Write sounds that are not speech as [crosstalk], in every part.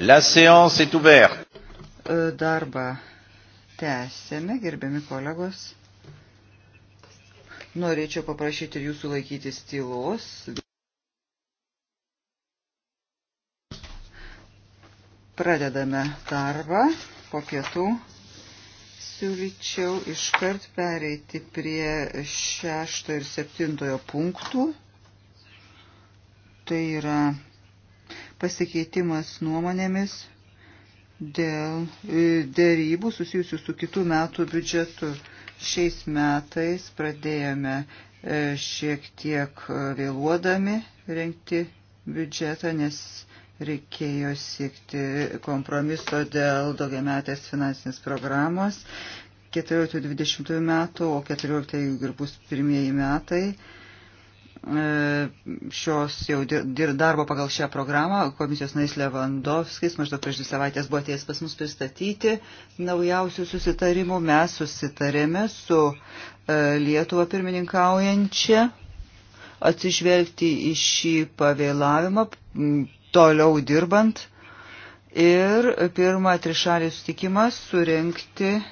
La séance est ouverte. E, darbą tęsėme, gerbiami kolegos. Norėčiau paprašyti jūsų laikytis tylos. Pradedame darbą po pietų. Siūlyčiau iškart pereiti prie šešto ir septintojo punktų. Tai yra pasikeitimas nuomonėmis dėl e, dėrybų susijusių su kitų metų biudžetu. Šiais metais pradėjome e, šiek tiek e, vėluodami renkti biudžetą, nes reikėjo siekti kompromiso dėl daugiametės finansinės programos 14-20 metų, o 14 ir bus pirmieji metai e, šios jau dir darbo pagal šią programą. Komisijos narys Levandovskis maždaug prieš dvi savaitės buvo atėjęs pas mus pristatyti naujausių susitarimų. Mes susitarėme su e, Lietuva pirmininkaujančia atsižvelgti į šį pavėlavimą, toliau dirbant ir pirmą trišalį sutikimą surenkti e,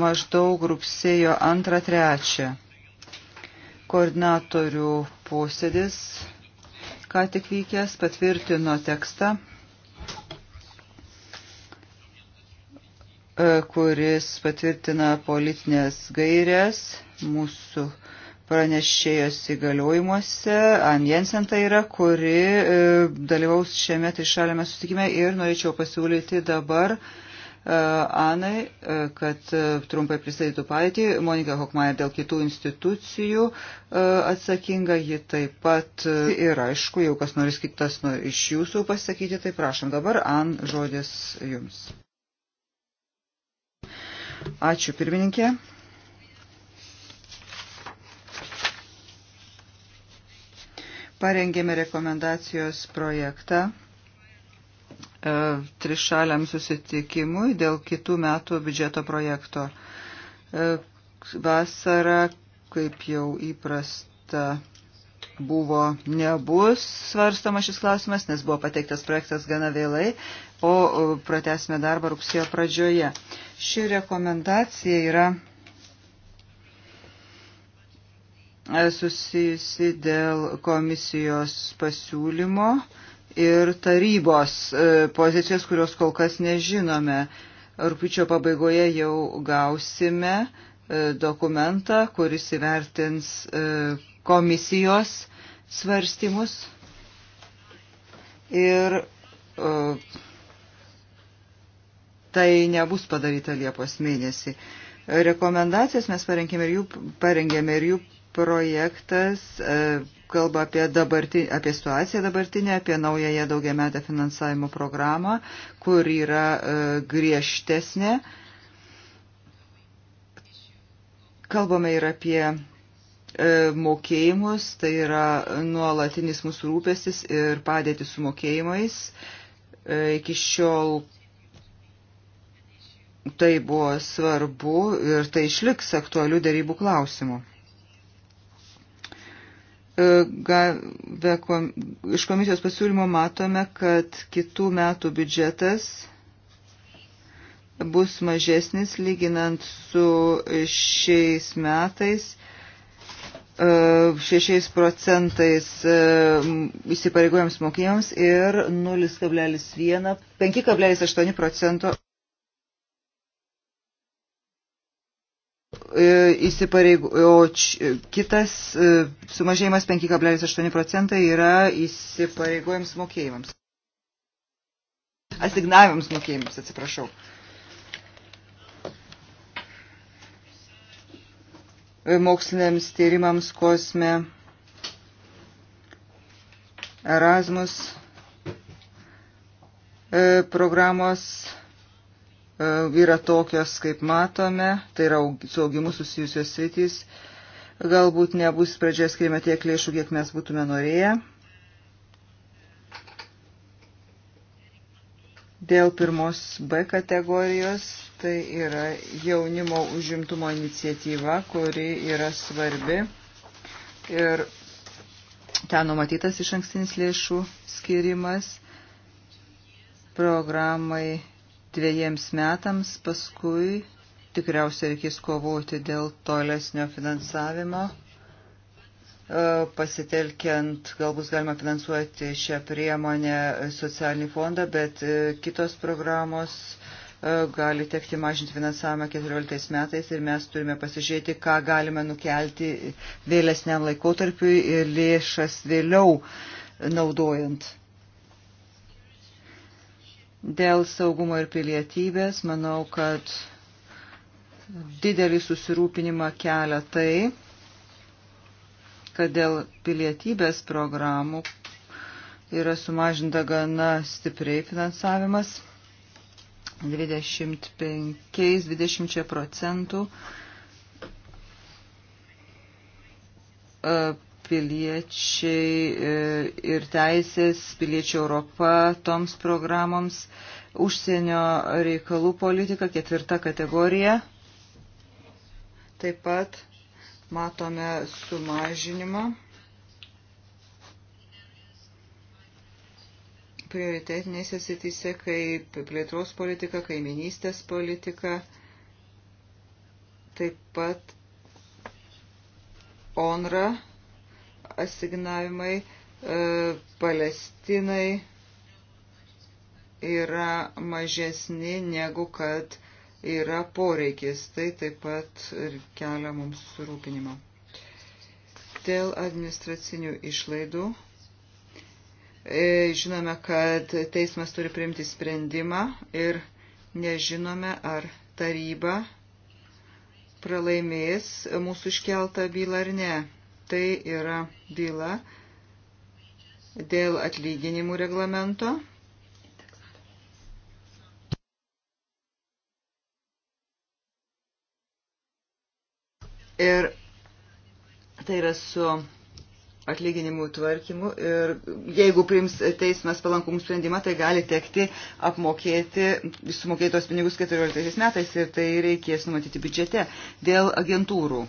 maždaug rugsėjo 2-3. Koordinatorių posėdis, ką tik vykęs, patvirtino tekstą, e, kuris patvirtina politinės gairės mūsų pranešėjos įgaliojimuose, Ann Jensen tai yra, kuri e, dalyvaus šiame trišalėme susitikime ir norėčiau pasiūlyti dabar e, Anai, e, kad trumpai pristatytų patį, Monika Hokmaier dėl kitų institucijų atsakinga, ji taip pat ir aišku, jau kas nors kitas iš jūsų pasakyti, tai prašom dabar, An, žodis jums. Ačiū pirmininkė. Parengėme rekomendacijos projektą e, trišaliam susitikimui dėl kitų metų biudžeto projekto. E, vasara, kaip jau įprasta, buvo nebus svarstama šis klausimas, nes buvo pateiktas projektas gana vėlai, o pratesime darbą rugsėjo pradžioje. Ši rekomendacija yra susijusi dėl komisijos pasiūlymo ir tarybos e, pozicijos, kurios kol kas nežinome. Rūpiučio pabaigoje jau gausime e, dokumentą, kuris įvertins e, komisijos svarstymus. Ir tai nebus padaryta Liepos mėnesį. Rekomendacijas mes parengėme ir jų, parengėme ir jų projektas e, kalba apie, dabartį, apie situaciją dabartinę, apie naująją daugiametę finansavimo programą, kur yra e, griežtesnė. Kalbame ir apie e, mokėjimus, tai yra nuolatinis mūsų rūpestis ir padėti su mokėjimais. Iki šiol tai buvo svarbu ir tai išliks aktualių darybų klausimų. E, gavę iš komisijos pasiūlymo matome, kad kitų metų biudžetas bus mažesnis lyginant su šiais metais. 6 e, procentais e, įsipareigojams mokėjams ir 0,1, 5,8 procento E, įsipareigo, o e, kitas e, sumažėjimas 5,8 procentai yra įsipareigojams mokėjimams. Asignavimams mokėjimams, atsiprašau. Moksliniams tyrimams kosme Erasmus programos E, yra tokios, kaip matome, tai yra su augimu susijusios sritys. Galbūt nebus pradžioje skiriama tiek lėšų, kiek mes būtume norėję. Dėl pirmos B kategorijos tai yra jaunimo užimtumo iniciatyva, kuri yra svarbi. Ir ten numatytas iš ankstinis lėšų skirimas programai dviejiems metams, paskui tikriausiai reikės kovoti dėl tolesnio finansavimo, e, pasitelkiant, gal bus galima finansuoti šią priemonę e, socialinį fondą, bet e, kitos programos gali tekti mažinti finansavimą 14 metais ir mes turime pasižiūrėti, ką galime nukelti vėlesniam laikotarpiui ir lėšas vėliau naudojant. Dėl saugumo ir pilietybės manau, kad didelį susirūpinimą kelia tai, kad dėl pilietybės programų yra sumažinta gana stipriai finansavimas 25-20 procentų e, piliečiai e, ir teisės, piliečių Europa toms programoms, užsienio reikalų politika, ketvirta kategorija. Taip pat matome sumažinimą. prioritetinėse sityse, kaip plėtros politika, kaiminystės politika, taip pat ONRA asignavimai e, Palestinai yra mažesni negu kad yra poreikis. Tai taip pat kelia mums surūpinimą. Dėl administracinių išlaidų. E, žinome, kad teismas turi priimti sprendimą ir nežinome, ar taryba pralaimės mūsų iškeltą bylą ar ne. Tai yra byla dėl atlyginimų reglamento. Ir tai yra su atlyginimų tvarkymu ir jeigu priims teismas palankumų sprendimą, tai gali tekti apmokėti, sumokėti tos pinigus 14 metais ir tai reikės numatyti biudžete dėl agentūrų.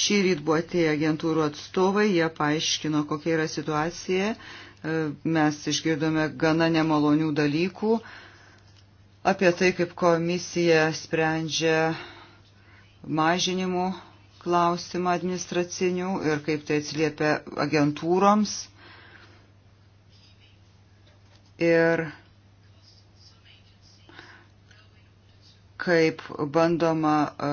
Šį ryt buvo atėję agentūrų atstovai, jie paaiškino, kokia yra situacija. E, mes išgirdome gana nemalonių dalykų apie tai, kaip komisija sprendžia mažinimų klausimą administracinių ir kaip tai atsiliepia agentūroms. Ir kaip bandoma e,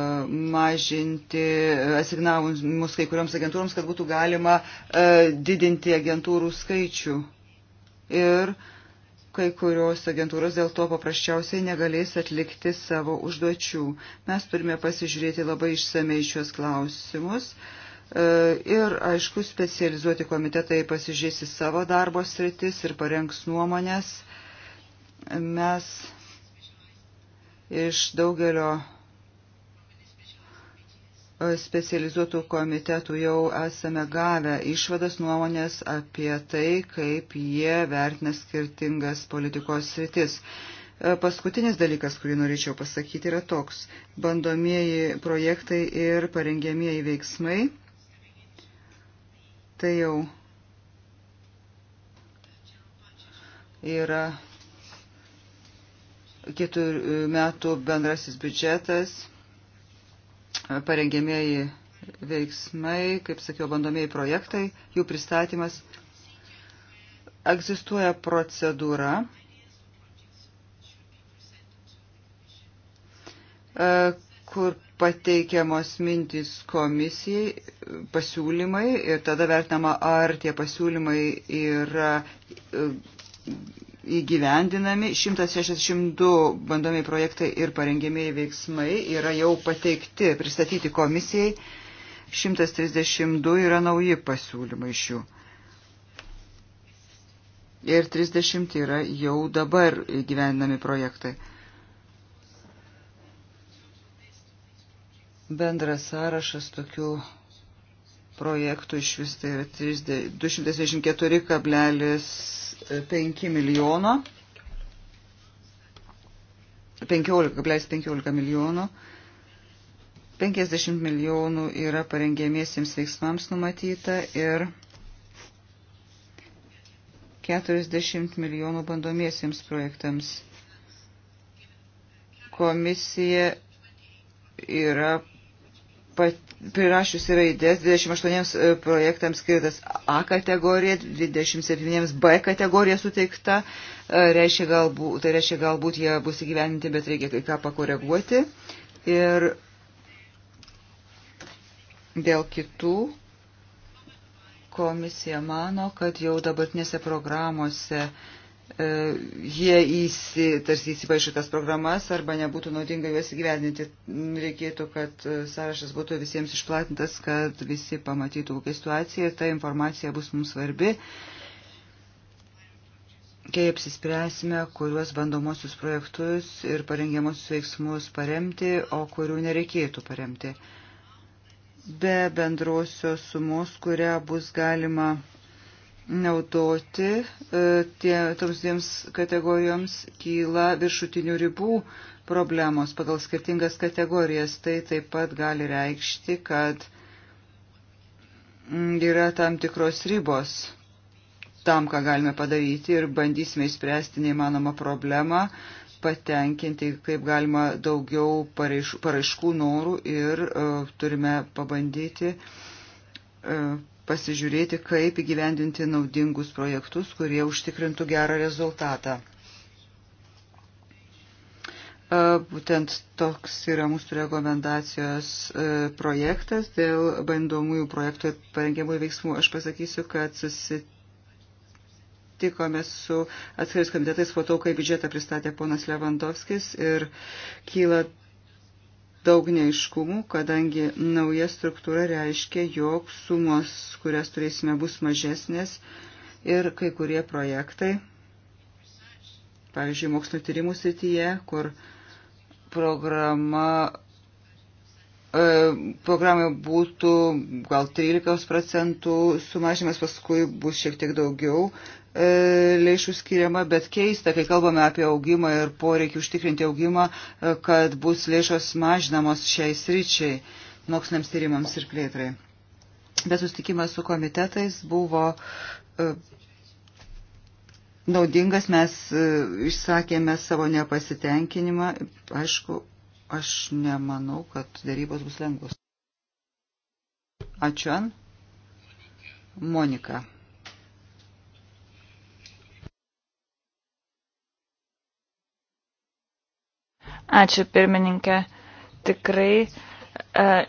mažinti e, asignavimus kai kurioms agentūroms, kad būtų galima e, didinti agentūrų skaičių. Ir kai kurios agentūros dėl to paprasčiausiai negalės atlikti savo užduočių. Mes turime pasižiūrėti labai išsamei šios klausimus. Ir, aišku, specializuoti komitetai pasižiūrėsi savo darbo sritis ir parengs nuomonės. Mes iš daugelio e, specializuotų komitetų jau esame gavę išvadas nuomonės apie tai, kaip jie vertina skirtingas politikos sritis. E, paskutinis dalykas, kurį norėčiau pasakyti, yra toks. Bandomieji projektai ir parengėmieji veiksmai. Tai jau yra keturių metų bendrasis biudžetas, e, parengėmėjai veiksmai, kaip sakiau, bandomieji projektai, jų pristatymas. Egzistuoja procedūra, e, kur pateikiamos mintys komisijai, pasiūlymai ir tada vertinama, ar tie pasiūlymai yra e, įgyvendinami. 162 bandomiai projektai ir parengėmiai veiksmai yra jau pateikti, pristatyti komisijai. 132 yra nauji pasiūlymai iš jų. Ir 30 yra jau dabar įgyvendinami projektai. Bendras sąrašas tokių projektų iš vis tai yra 224,5 milijono. 15,15 milijonų. 50 milijonų yra parengiamiesiems veiksmams numatyta ir 40 milijonų bandomiesiems projektams. Komisija yra prirašiusi raidės 28 e, projektams skirtas A kategorija, 27 B kategorija suteikta. E, reiškia galbūt, tai reiškia galbūt jie bus įgyveninti, bet reikia kai ką pakoreguoti. Ir dėl kitų komisija mano, kad jau dabartinėse programuose uh, E, jie įsi, tarsi įsipaišo tas programas arba nebūtų naudinga juos įgyvendinti. Reikėtų, kad e, sąrašas būtų visiems išplatintas, kad visi pamatytų kokią situaciją ir ta informacija bus mums svarbi. Kai apsispręsime, kuriuos bandomosius projektus ir parengiamosius veiksmus paremti, o kurių nereikėtų paremti. Be bendrosios sumos, kurią bus galima naudoti, e, tie, toms dviems kategorijoms kyla viršutinių ribų problemos pagal skirtingas kategorijas. Tai taip pat gali reikšti, kad mm, yra tam tikros ribos tam, ką galime padaryti ir bandysime įspręsti neįmanomą problemą, patenkinti kaip galima daugiau paraiškų norų ir uh, turime pabandyti uh, pasižiūrėti, kaip įgyvendinti naudingus projektus, kurie užtikrintų gerą rezultatą. E, būtent toks yra mūsų rekomendacijos e, projektas dėl bandomųjų projektų ir parengiamųjų veiksmų. Aš pasakysiu, kad susitikome su atskirais komitetais po to, kai biudžetą pristatė ponas Levandovskis ir kyla daug neiškumų, kadangi nauja struktūra reiškia, jog sumos, kurias turėsime, bus mažesnės ir kai kurie projektai, pavyzdžiui, mokslo tyrimų srityje, kur programa e, programai būtų gal 13 procentų sumažimas, paskui bus šiek tiek daugiau, E, lėšų skiriama, bet keista, kai kalbame apie augimą ir poreikį užtikrinti augimą, e, kad bus lėšos mažinamos šiai sričiai moksliniams tyrimams ir plėtrai. Bet sustikimas su komitetais buvo e, naudingas, mes išsakėme savo nepasitenkinimą. Aišku, aš nemanau, kad darybos bus lengvos. Ačiū, An. Monika. Ačiū pirmininkė. Tikrai e,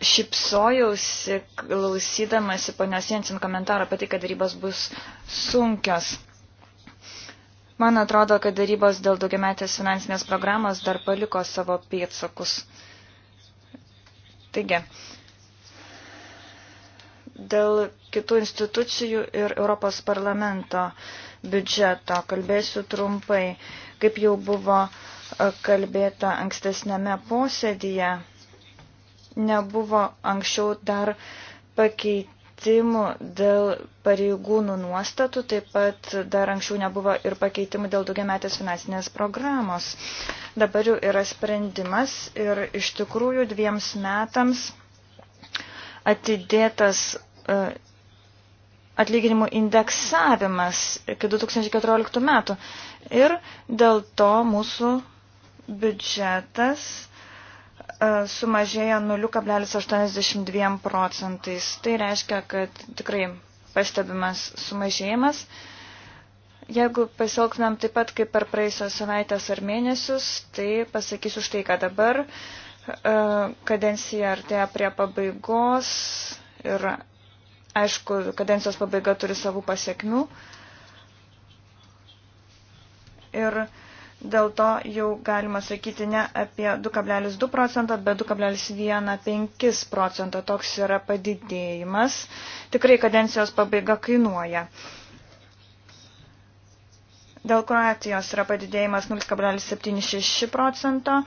šipsojausi klausydamasi ponios Jensin komentaro apie tai, kad darybos bus sunkios. Man atrodo, kad darybos dėl daugiametės finansinės programos dar paliko savo pėtsakus. Taigi, dėl kitų institucijų ir Europos parlamento biudžeto kalbėsiu trumpai, kaip jau buvo uh, kalbėta ankstesnėme posėdyje. Nebuvo anksčiau dar pakeitimų dėl pareigūnų nuostatų, taip pat dar anksčiau nebuvo ir pakeitimų dėl daugiametės finansinės programos. Dabar jau yra sprendimas ir iš tikrųjų dviems metams atidėtas e, atlyginimų indeksavimas iki 2014 metų. Ir dėl to mūsų biudžetas e, sumažėjo 0,82 procentais. Tai reiškia, kad tikrai pastebimas sumažėjimas. Jeigu pasilgtumėm taip pat kaip per praėjusios savaitės ar mėnesius, tai pasakysiu štai, kad dabar e, kadencija artėja prie pabaigos ir aišku, kadencijos pabaiga turi savų pasiekmių. Ir uh, Dėl to jau galima sakyti ne apie 2,2 procentą, bet 2,15 procentą. Toks yra padidėjimas. Tikrai kadencijos pabaiga kainuoja. Dėl Kroatijos yra padidėjimas 0,76 procento.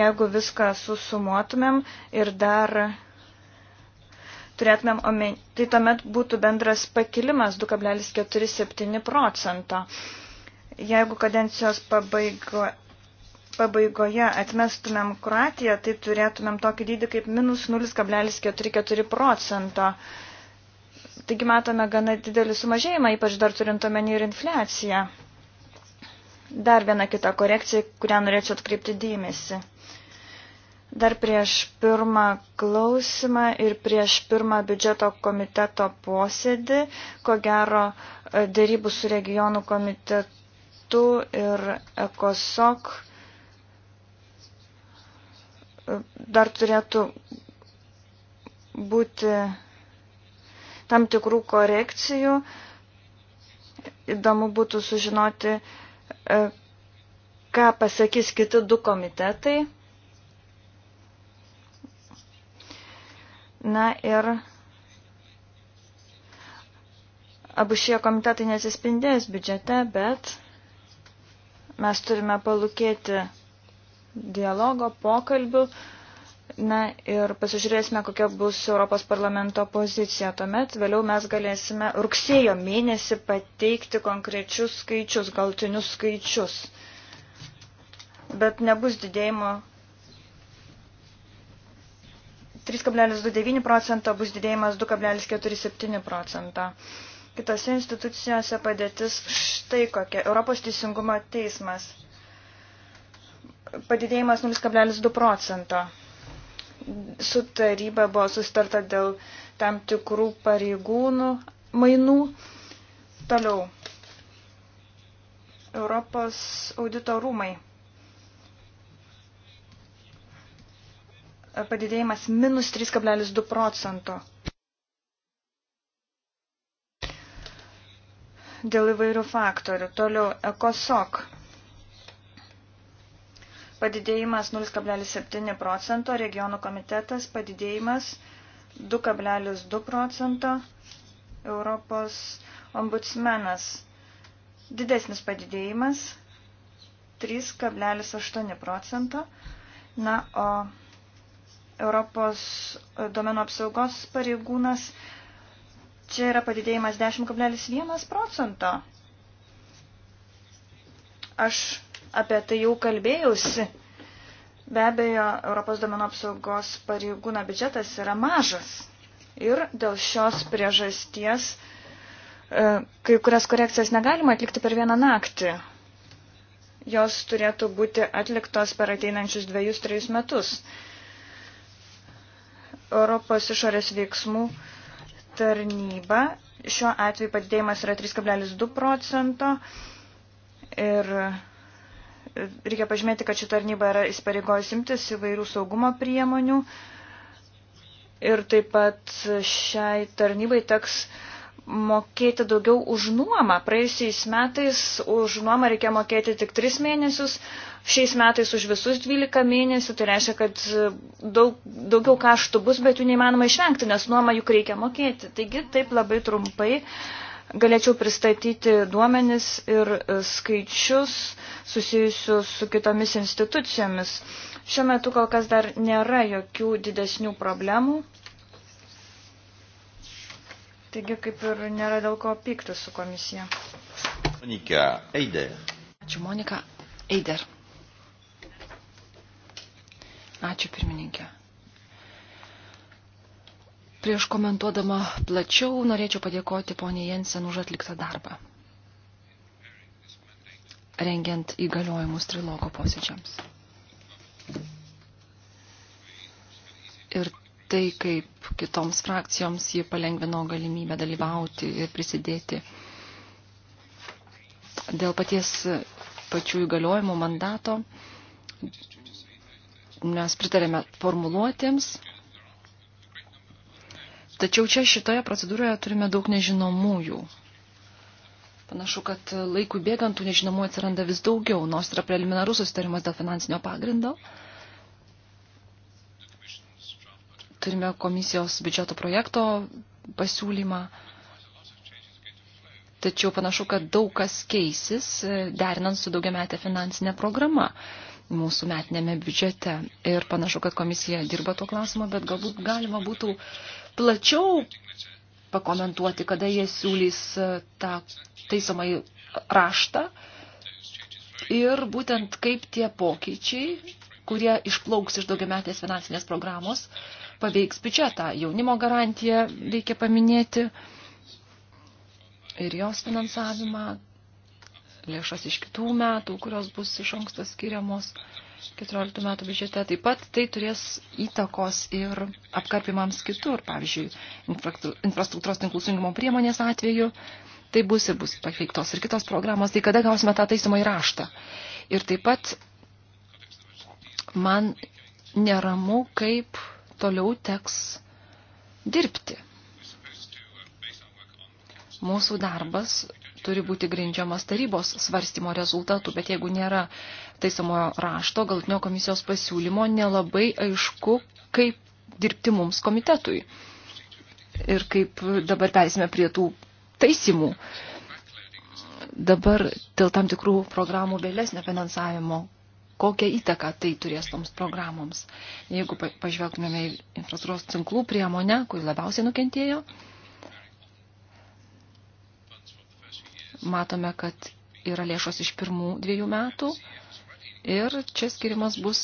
Jeigu viską susumuotumėm ir dar turėtumėm omeny, tai tuomet būtų bendras pakilimas 2,47 procento. Jeigu kadencijos pabaigo, pabaigoje atmestumėm Kroatiją, tai turėtumėm tokį dydį kaip minus 0,44 procento. Taigi matome gana didelį sumažėjimą, ypač dar turint omeny ir infliaciją. Dar viena kita korekcija, kurią norėčiau atkreipti dėmesį. Dar prieš pirmą klausimą ir prieš pirmą biudžeto komiteto posėdį, ko gero e, dėrybų su regionų komitetu metu ir ECOSOC e, dar turėtų būti tam tikrų korekcijų. Įdomu būtų sužinoti, e, ką pasakys kiti du komitetai. Na ir abu šie komitetai nesispindės biudžete, bet Mes turime palūkėti dialogo, pokalbių. Na ir pasižiūrėsime, kokia bus Europos parlamento pozicija. Tuomet vėliau mes galėsime rugsėjo mėnesį pateikti konkrečius skaičius, galtinius skaičius. Bet nebus didėjimo 3,29 procento bus didėjimas 2,47 procento. Kitose institucijose padėtis štai kokia. Europos teisingumo teismas. Padidėjimas 0,2 procento. Su taryba buvo sustarta dėl tam tikrų pareigūnų mainų. Toliau. Europos audito rūmai. Padidėjimas minus 3,2 procento. dėl įvairių faktorių. Toliau ekosok. Padidėjimas 0,7 procento, regionų komitetas padidėjimas 2,2 procento, Europos ombudsmenas didesnis padidėjimas 3,8 procento. Na, o Europos domenų apsaugos pareigūnas Čia yra padidėjimas 10,1 procento. Aš apie tai jau kalbėjausi. Be abejo, Europos domenų apsaugos pareigūno biudžetas yra mažas. Ir dėl šios priežasties e, kai kurias korekcijas negalima atlikti per vieną naktį. Jos turėtų būti atliktos per ateinančius dviejus, trejus metus. Europos išorės veiksmų tarnybą. Šiuo atveju padidėjimas yra 3,2 procento ir reikia pažymėti, kad ši tarnyba yra įsipareigojus imtis įvairių saugumo priemonių ir taip pat šiai tarnybai teks uh, mokėti daugiau už nuomą. Praėjusiais metais už nuomą reikėjo mokėti tik 3 mėnesius, šiais metais už visus 12 mėnesių, tai reiškia, kad daug, daugiau kaštų bus, bet jų neįmanoma išvengti, nes nuomą juk reikia mokėti. Taigi taip labai trumpai galėčiau pristatyti duomenis ir e, skaičius susijusius su kitomis institucijomis. Šiuo metu kol kas dar nėra jokių didesnių problemų. Taigi kaip ir nėra dėl ko pykti su komisija. Monika Eider. Ačiū Monika Eider. Ačiū pirmininkė. Prieš komentuodama plačiau norėčiau padėkoti poniai Jensen už atliktą darbą, rengiant įgaliojimus trilogo posėdžiams. Ir tai, kaip kitoms frakcijoms ji palengvino galimybę dalyvauti ir prisidėti. Dėl paties pačių įgaliojimų mandato mes pritarėme formuluotėms. Tačiau čia šitoje procedūroje turime daug nežinomųjų. Panašu, kad laikui bėgant tų nežinomųjų atsiranda vis daugiau, nors yra preliminarus susitarimas dėl finansinio pagrindo. Uh, turime komisijos biudžeto projekto pasiūlymą. Tačiau panašu, kad daug kas keisis, e, derinant su daugiametė finansinė programa mūsų metinėme biudžete. Ir panašu, kad komisija dirba tuo klausimu, bet galbūt galima būtų plačiau pakomentuoti, kada jie siūlys e, tą taisomai raštą ir būtent kaip tie pokyčiai, kurie išplauks iš daugiametės finansinės programos, uh, paveiks biudžetą. Jaunimo garantiją reikia paminėti ir jos finansavimą, lėšas iš kitų metų, kurios bus iš anksto skiriamos 14 metų biudžete. Taip pat tai turės įtakos ir apkarpimams kitur, pavyzdžiui, infrastruktūros tinklų sujungimo priemonės atveju. Tai bus ir bus paveiktos ir kitos programos, tai kada gausime tą taisymą į raštą. Ir taip pat man neramu, kaip toliau teks dirbti. Mūsų darbas turi būti grindžiamas tarybos svarstymo rezultatų, bet jeigu nėra taisomojo rašto, galutinio komisijos pasiūlymo, nelabai aišku, kaip dirbti mums komitetui. Ir kaip dabar perėsime prie tų taisimų. Dabar dėl tam tikrų programų vėlesnio finansavimo kokią įtaką tai turės toms programoms. Jeigu pažvelgtumėme į infrastruktūros tinklų priemonę, kuri labiausiai nukentėjo, matome, kad yra lėšos iš pirmų dviejų metų ir čia skirimas bus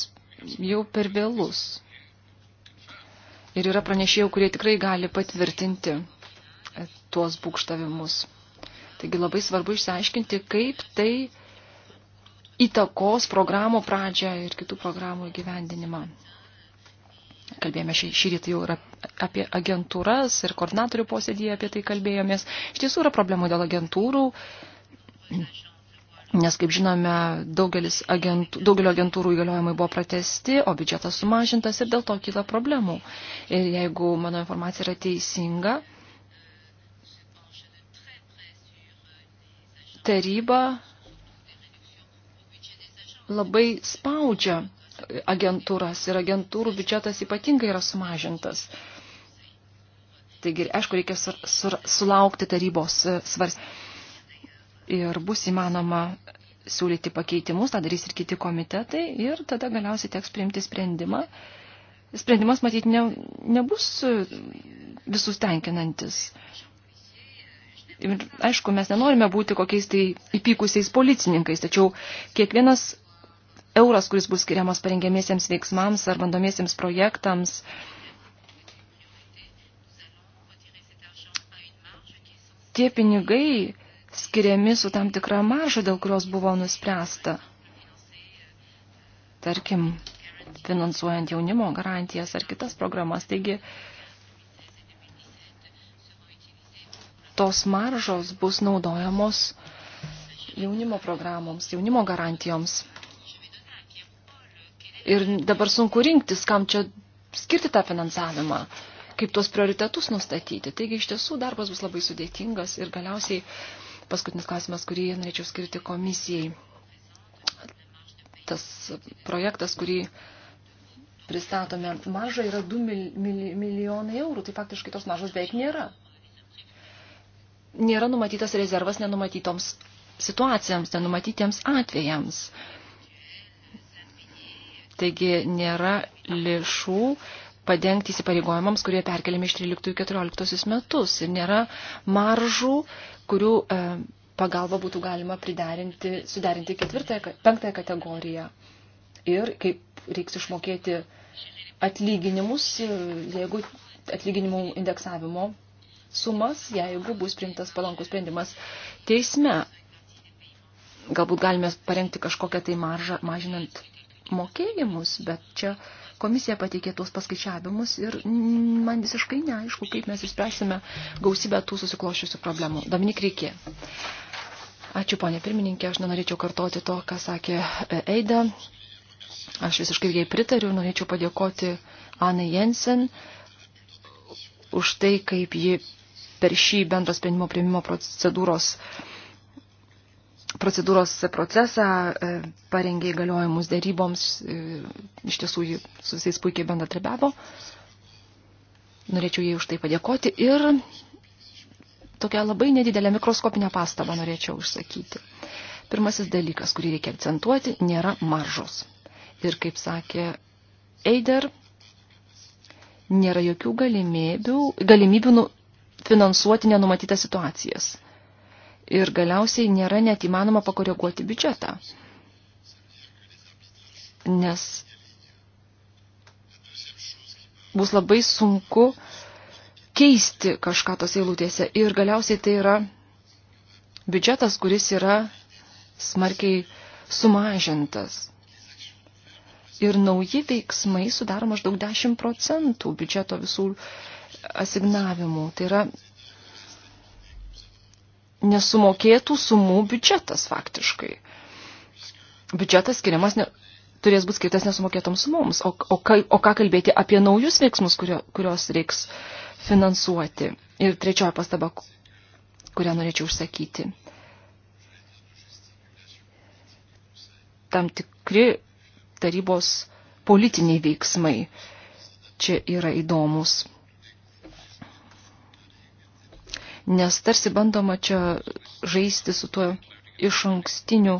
jau per vėlus. Ir yra pranešėjų, kurie tikrai gali patvirtinti tuos būkštavimus. Taigi labai svarbu išsiaiškinti, kaip tai įtakos programų pradžią ir kitų programų įgyvendinimą. Kalbėjome šį, šį rytą jau ir apie agentūras ir koordinatorių posėdėje apie tai kalbėjomės. Iš tiesų yra problemų dėl agentūrų, nes, kaip žinome, daugelis agentų, daugelio agentūrų įgaliojimai buvo pratesti, o biudžetas sumažintas ir dėl to kyla problemų. Ir jeigu mano informacija yra teisinga, taryba labai spaudžia agentūras ir agentūrų biudžetas ypatingai yra sumažintas. Taigi, aišku, reikia sur, sur, sulaukti tarybos e, svars. Ir bus įmanoma siūlyti pakeitimus, tą darys ir kiti komitetai ir tada galiausiai teks priimti sprendimą. Sprendimas, matyti, ne, nebus e, visus tenkinantis. Ir, aišku, mes nenorime būti kokiais tai įpykusiais policininkais, tačiau kiekvienas euras, kuris bus skiriamas parengiamiesiems veiksmams ar bandomiesiems projektams. Tie pinigai skiriami su tam tikra marža, dėl kurios buvo nuspręsta. Tarkim, finansuojant jaunimo garantijas ar kitas programas. Taigi, tos maržos bus naudojamos jaunimo programoms, jaunimo garantijoms ir dabar sunku rinktis, kam čia skirti tą finansavimą, kaip tuos prioritetus nustatyti. Taigi iš tiesų darbas bus labai sudėtingas ir galiausiai paskutinis klausimas, kurį norėčiau skirti komisijai. Tas projektas, kurį pristatome, maža yra 2 milijonai eurų, tai faktiškai tos mažos beveik nėra. Nėra numatytas rezervas nenumatytoms situacijoms, nenumatytiems atvejams. Uh, Taigi nėra lėšų padengti įsipareigojimams, kurie perkeliami iš 13-14 metus. Ir nėra maržų, kurių e, pagalba būtų galima priderinti, suderinti ketvirtąją, penktąją kategoriją. Ir kaip reiks išmokėti atlyginimus, e, jeigu atlyginimų indeksavimo sumas, jeigu bus priimtas palankus sprendimas teisme. Galbūt galime parengti kažkokią tai maržą, mažinant mokėjimus, bet čia komisija pateikė tuos paskaičiavimus ir man visiškai neaišku, kaip mes išspręsime gausybę tų susiklošiusių problemų. Dominik Reikė. Ačiū, ponė pirmininkė, aš nenorėčiau kartoti to, ką sakė Eida. Aš visiškai jai pritariu, norėčiau padėkoti Anai Jensen už tai, kaip ji per šį bendro sprendimo prieimimo procedūros uh, procedūros procesą, e, parengė įgaliojimus dėryboms, e, iš tiesų jį su visais puikiai bendratarbiavo. Norėčiau jai už tai padėkoti ir tokią labai nedidelę mikroskopinę pastabą norėčiau užsakyti. Pirmasis dalykas, kurį reikia akcentuoti, nėra maržos. Ir kaip sakė Eider, nėra jokių galimybių, galimybių nu, finansuoti nenumatytas situacijas ir galiausiai nėra net įmanoma pakoreguoti biudžetą. Nes bus labai sunku keisti kažką tos eilutėse. Ir galiausiai tai yra biudžetas, kuris yra smarkiai sumažintas. Ir nauji veiksmai sudaro maždaug 10 procentų biudžeto visų asignavimų. Tai yra nesumokėtų sumų biudžetas faktiškai. Biudžetas skiriamas ne, turės būti skirtas nesumokėtoms sumoms, o, o, kai, o ką kalbėti apie naujus veiksmus, kurio, kurios reiks finansuoti. Ir trečioji pastaba, kurią norėčiau užsakyti. Tam tikri tarybos politiniai veiksmai čia yra įdomus. nes tarsi bandoma čia žaisti su tuo iš ankstiniu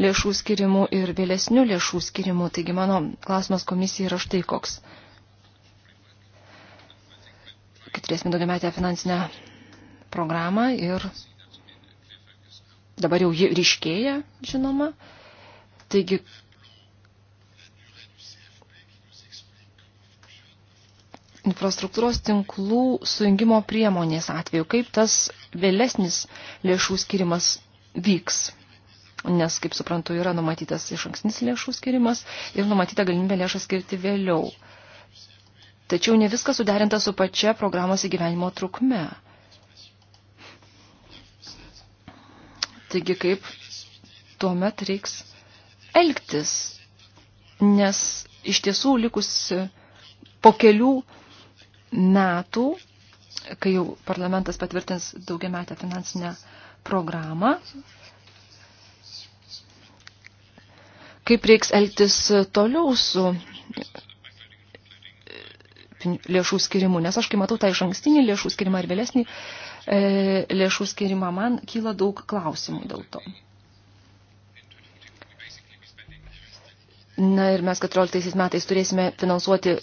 lėšų skirimu ir vėlesniu lėšų skirimu. Taigi mano klausimas komisijai yra štai koks. Kai turėsime daugiametę finansinę programą ir dabar jau ji ryškėja, žinoma. Taigi, infrastruktūros tinklų sujungimo priemonės atveju, kaip tas vėlesnis lėšų skirimas vyks. Nes, kaip suprantu, yra numatytas iš anksnis lėšų skirimas ir numatyta galimybė lėšą skirti vėliau. Tačiau ne viskas suderinta su pačia programos įgyvenimo trukme. Taigi kaip tuomet reiks elgtis, nes iš tiesų likus po kelių metų, kai jau parlamentas patvirtins daugiametę finansinę programą, kaip reiks elgtis toliau su lėšų skirimu, nes aš kai matau tą iš ankstinį lėšų skirimą ar vėlesnį e, lėšų skirimą, man kyla daug klausimų dėl to. Na ir mes 14 metais turėsime finansuoti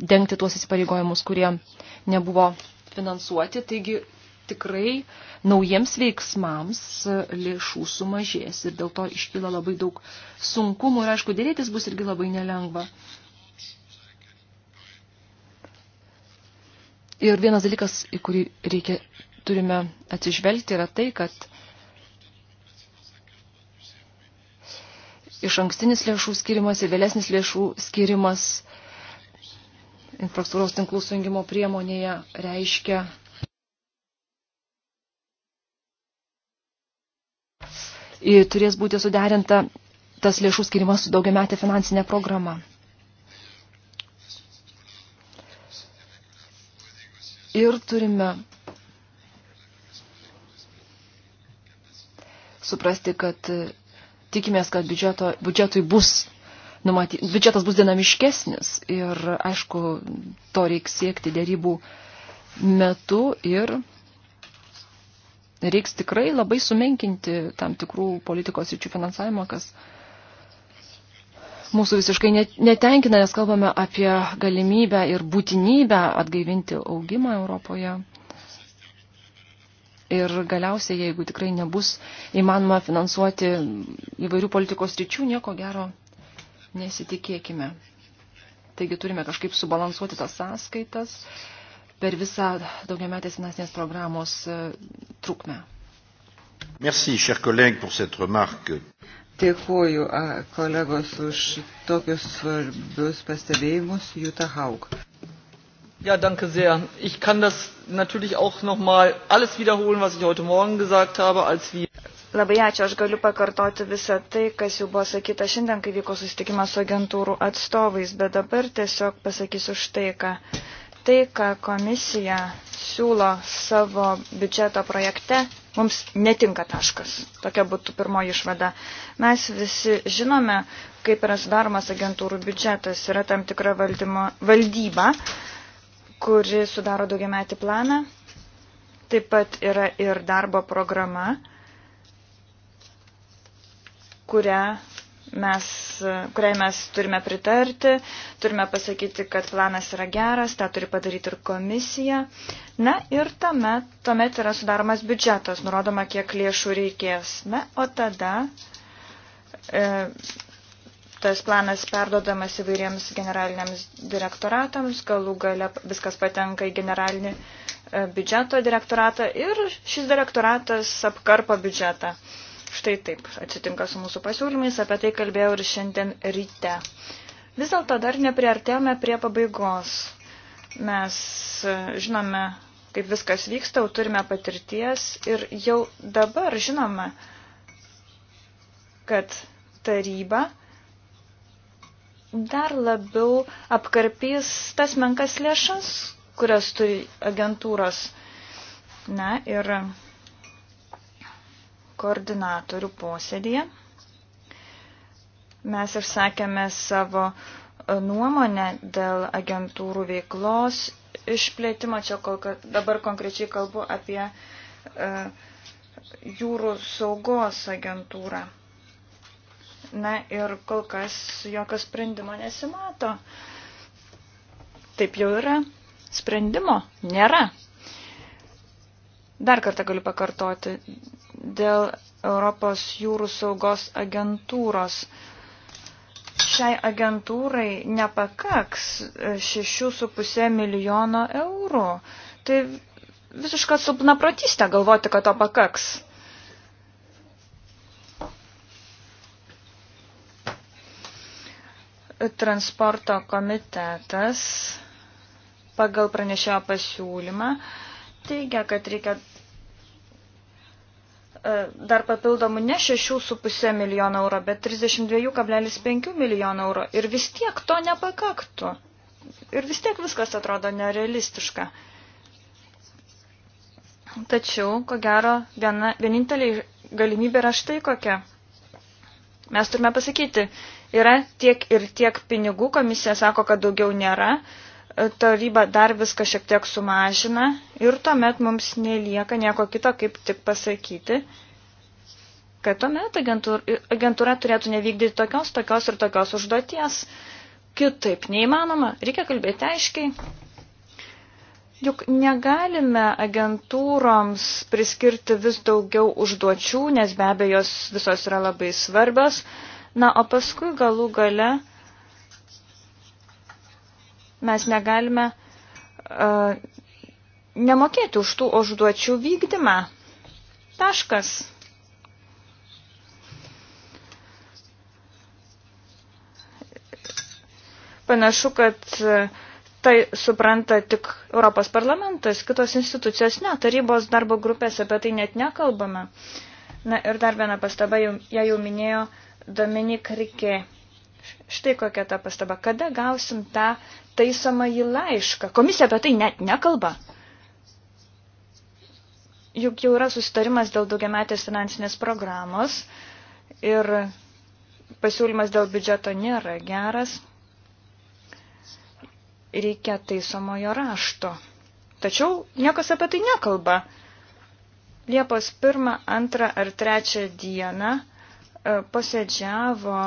dengti tuos įsipareigojimus, kurie nebuvo finansuoti. Taigi tikrai naujiems veiksmams lėšų sumažės ir dėl to iškyla labai daug sunkumų ir aišku, dėrėtis bus irgi labai nelengva. Ir vienas dalykas, į kurį reikia, turime atsižvelgti, yra tai, kad iš ankstinis lėšų skirimas ir vėlesnis lėšų skirimas infrastruktūros tinklų sujungimo priemonėje reiškia ir turės būti suderinta tas lėšų skirimas su daugiametė finansinė programa. Ir turime suprasti, kad tikimės, kad biudžeto, biudžetui bus numaty, biudžetas bus dinamiškesnis ir, aišku, to reiks siekti dėrybų metu ir reiks tikrai labai sumenkinti tam tikrų politikos ryčių finansavimą, kas mūsų visiškai netenkina, nes kalbame apie galimybę ir būtinybę atgaivinti augimą Europoje. Ir galiausiai, jeigu tikrai nebus įmanoma finansuoti įvairių politikos ryčių, nieko gero nesitikėkime. Taigi turime kažkaip subalansuoti tas sąskaitas per visą daugiametės finansinės programos e, trukmę. Merci, cher collègue, pour cette remarque. Dėkuoju kolegos už tokius svarbius pastebėjimus. Jutta Haug. Ja, danke sehr. Ich kann das natürlich auch noch mal alles wiederholen, was ich heute Morgen gesagt habe, als wir Labai ačiū, aš galiu pakartoti visą tai, kas jau buvo sakyta šiandien, kai vyko susitikimas su agentūrų atstovais, bet dabar tiesiog pasakysiu štai ką. Tai, ką komisija siūlo savo biudžeto projekte, mums netinka taškas. Tokia būtų pirmoji išvada. Mes visi žinome, kaip yra sudaromas agentūrų biudžetas. Yra tam tikra valdymo, valdyba, kuri sudaro daugiametį planą. Taip pat yra ir darbo programa kurią mes, kuriai mes turime pritarti, turime pasakyti, kad planas yra geras, tą turi padaryti ir komisija. Na ir tuomet, tuomet yra sudaromas biudžetas, nurodoma, kiek lėšų reikės. Na, o tada e, tas planas perdodamas įvairiems generaliniams direktoratams, galų gale viskas patenka į generalinį e, biudžeto direktoratą ir šis direktoratas apkarpa biudžetą. E, Štai taip atsitinka su mūsų pasiūlymais, apie tai kalbėjau ir šiandien ryte. Vis dėlto dar nepriartėjome prie pabaigos. Mes e, žinome, kaip viskas vyksta, jau turime patirties ir jau dabar žinome, kad taryba dar labiau apkarpys tas menkas lėšas, kurias turi agentūros. Na ir koordinatorių posėdėje. Mes išsakėme savo e, nuomonę dėl agentūrų veiklos išplėtimo. Čia kol kas dabar konkrečiai kalbu apie uh, jūrų saugos agentūrą. Na ir kol kas jokio sprendimo nesimato. Taip jau yra. Sprendimo nėra. Dar kartą galiu pakartoti dėl Europos jūrų saugos agentūros. Šiai agentūrai nepakaks 6,5 milijono eurų. Tai visiška supnaprotystė galvoti, kad to pakaks. Transporto komitetas pagal pranešėjo pasiūlymą teigia, kad reikia E, dar papildomų ne 6,5 milijono euro, bet 32,5 milijono euro. Ir vis tiek to nepakaktų. Ir vis tiek viskas atrodo nerealistiška. Tačiau, ko gero, viena, vienintelė galimybė yra štai kokia. Mes turime pasakyti, yra tiek ir tiek pinigų, komisija sako, kad daugiau nėra, uh, taryba dar viską šiek tiek sumažina ir tuomet mums nelieka nieko kito, kaip tik pasakyti, kad tuomet agentūra turėtų nevykdyti tokios, tokios ir tokios užduoties. Kitaip neįmanoma, reikia kalbėti aiškiai. Juk negalime agentūroms priskirti vis daugiau užduočių, nes be abejo jos visos yra labai svarbios. Na, o paskui galų gale Mes negalime uh, nemokėti už tų užduočių vykdymą. Taškas. Panašu, kad uh, tai supranta tik Europos parlamentas, kitos institucijos ne, tarybos darbo grupės apie tai net nekalbame. Na ir dar viena pastaba, ją jau, jau minėjo Dominik Rikė. Štai kokia ta pastaba. Kada gausim tą taisomą į laišką. Komisija apie tai net nekalba. Juk jau yra susitarimas dėl daugiametės finansinės programos ir pasiūlymas dėl biudžeto nėra geras. Reikia taisomojo rašto. Tačiau niekas apie tai nekalba. Liepos 1, 2 ar 3 dieną e, posėdžiavo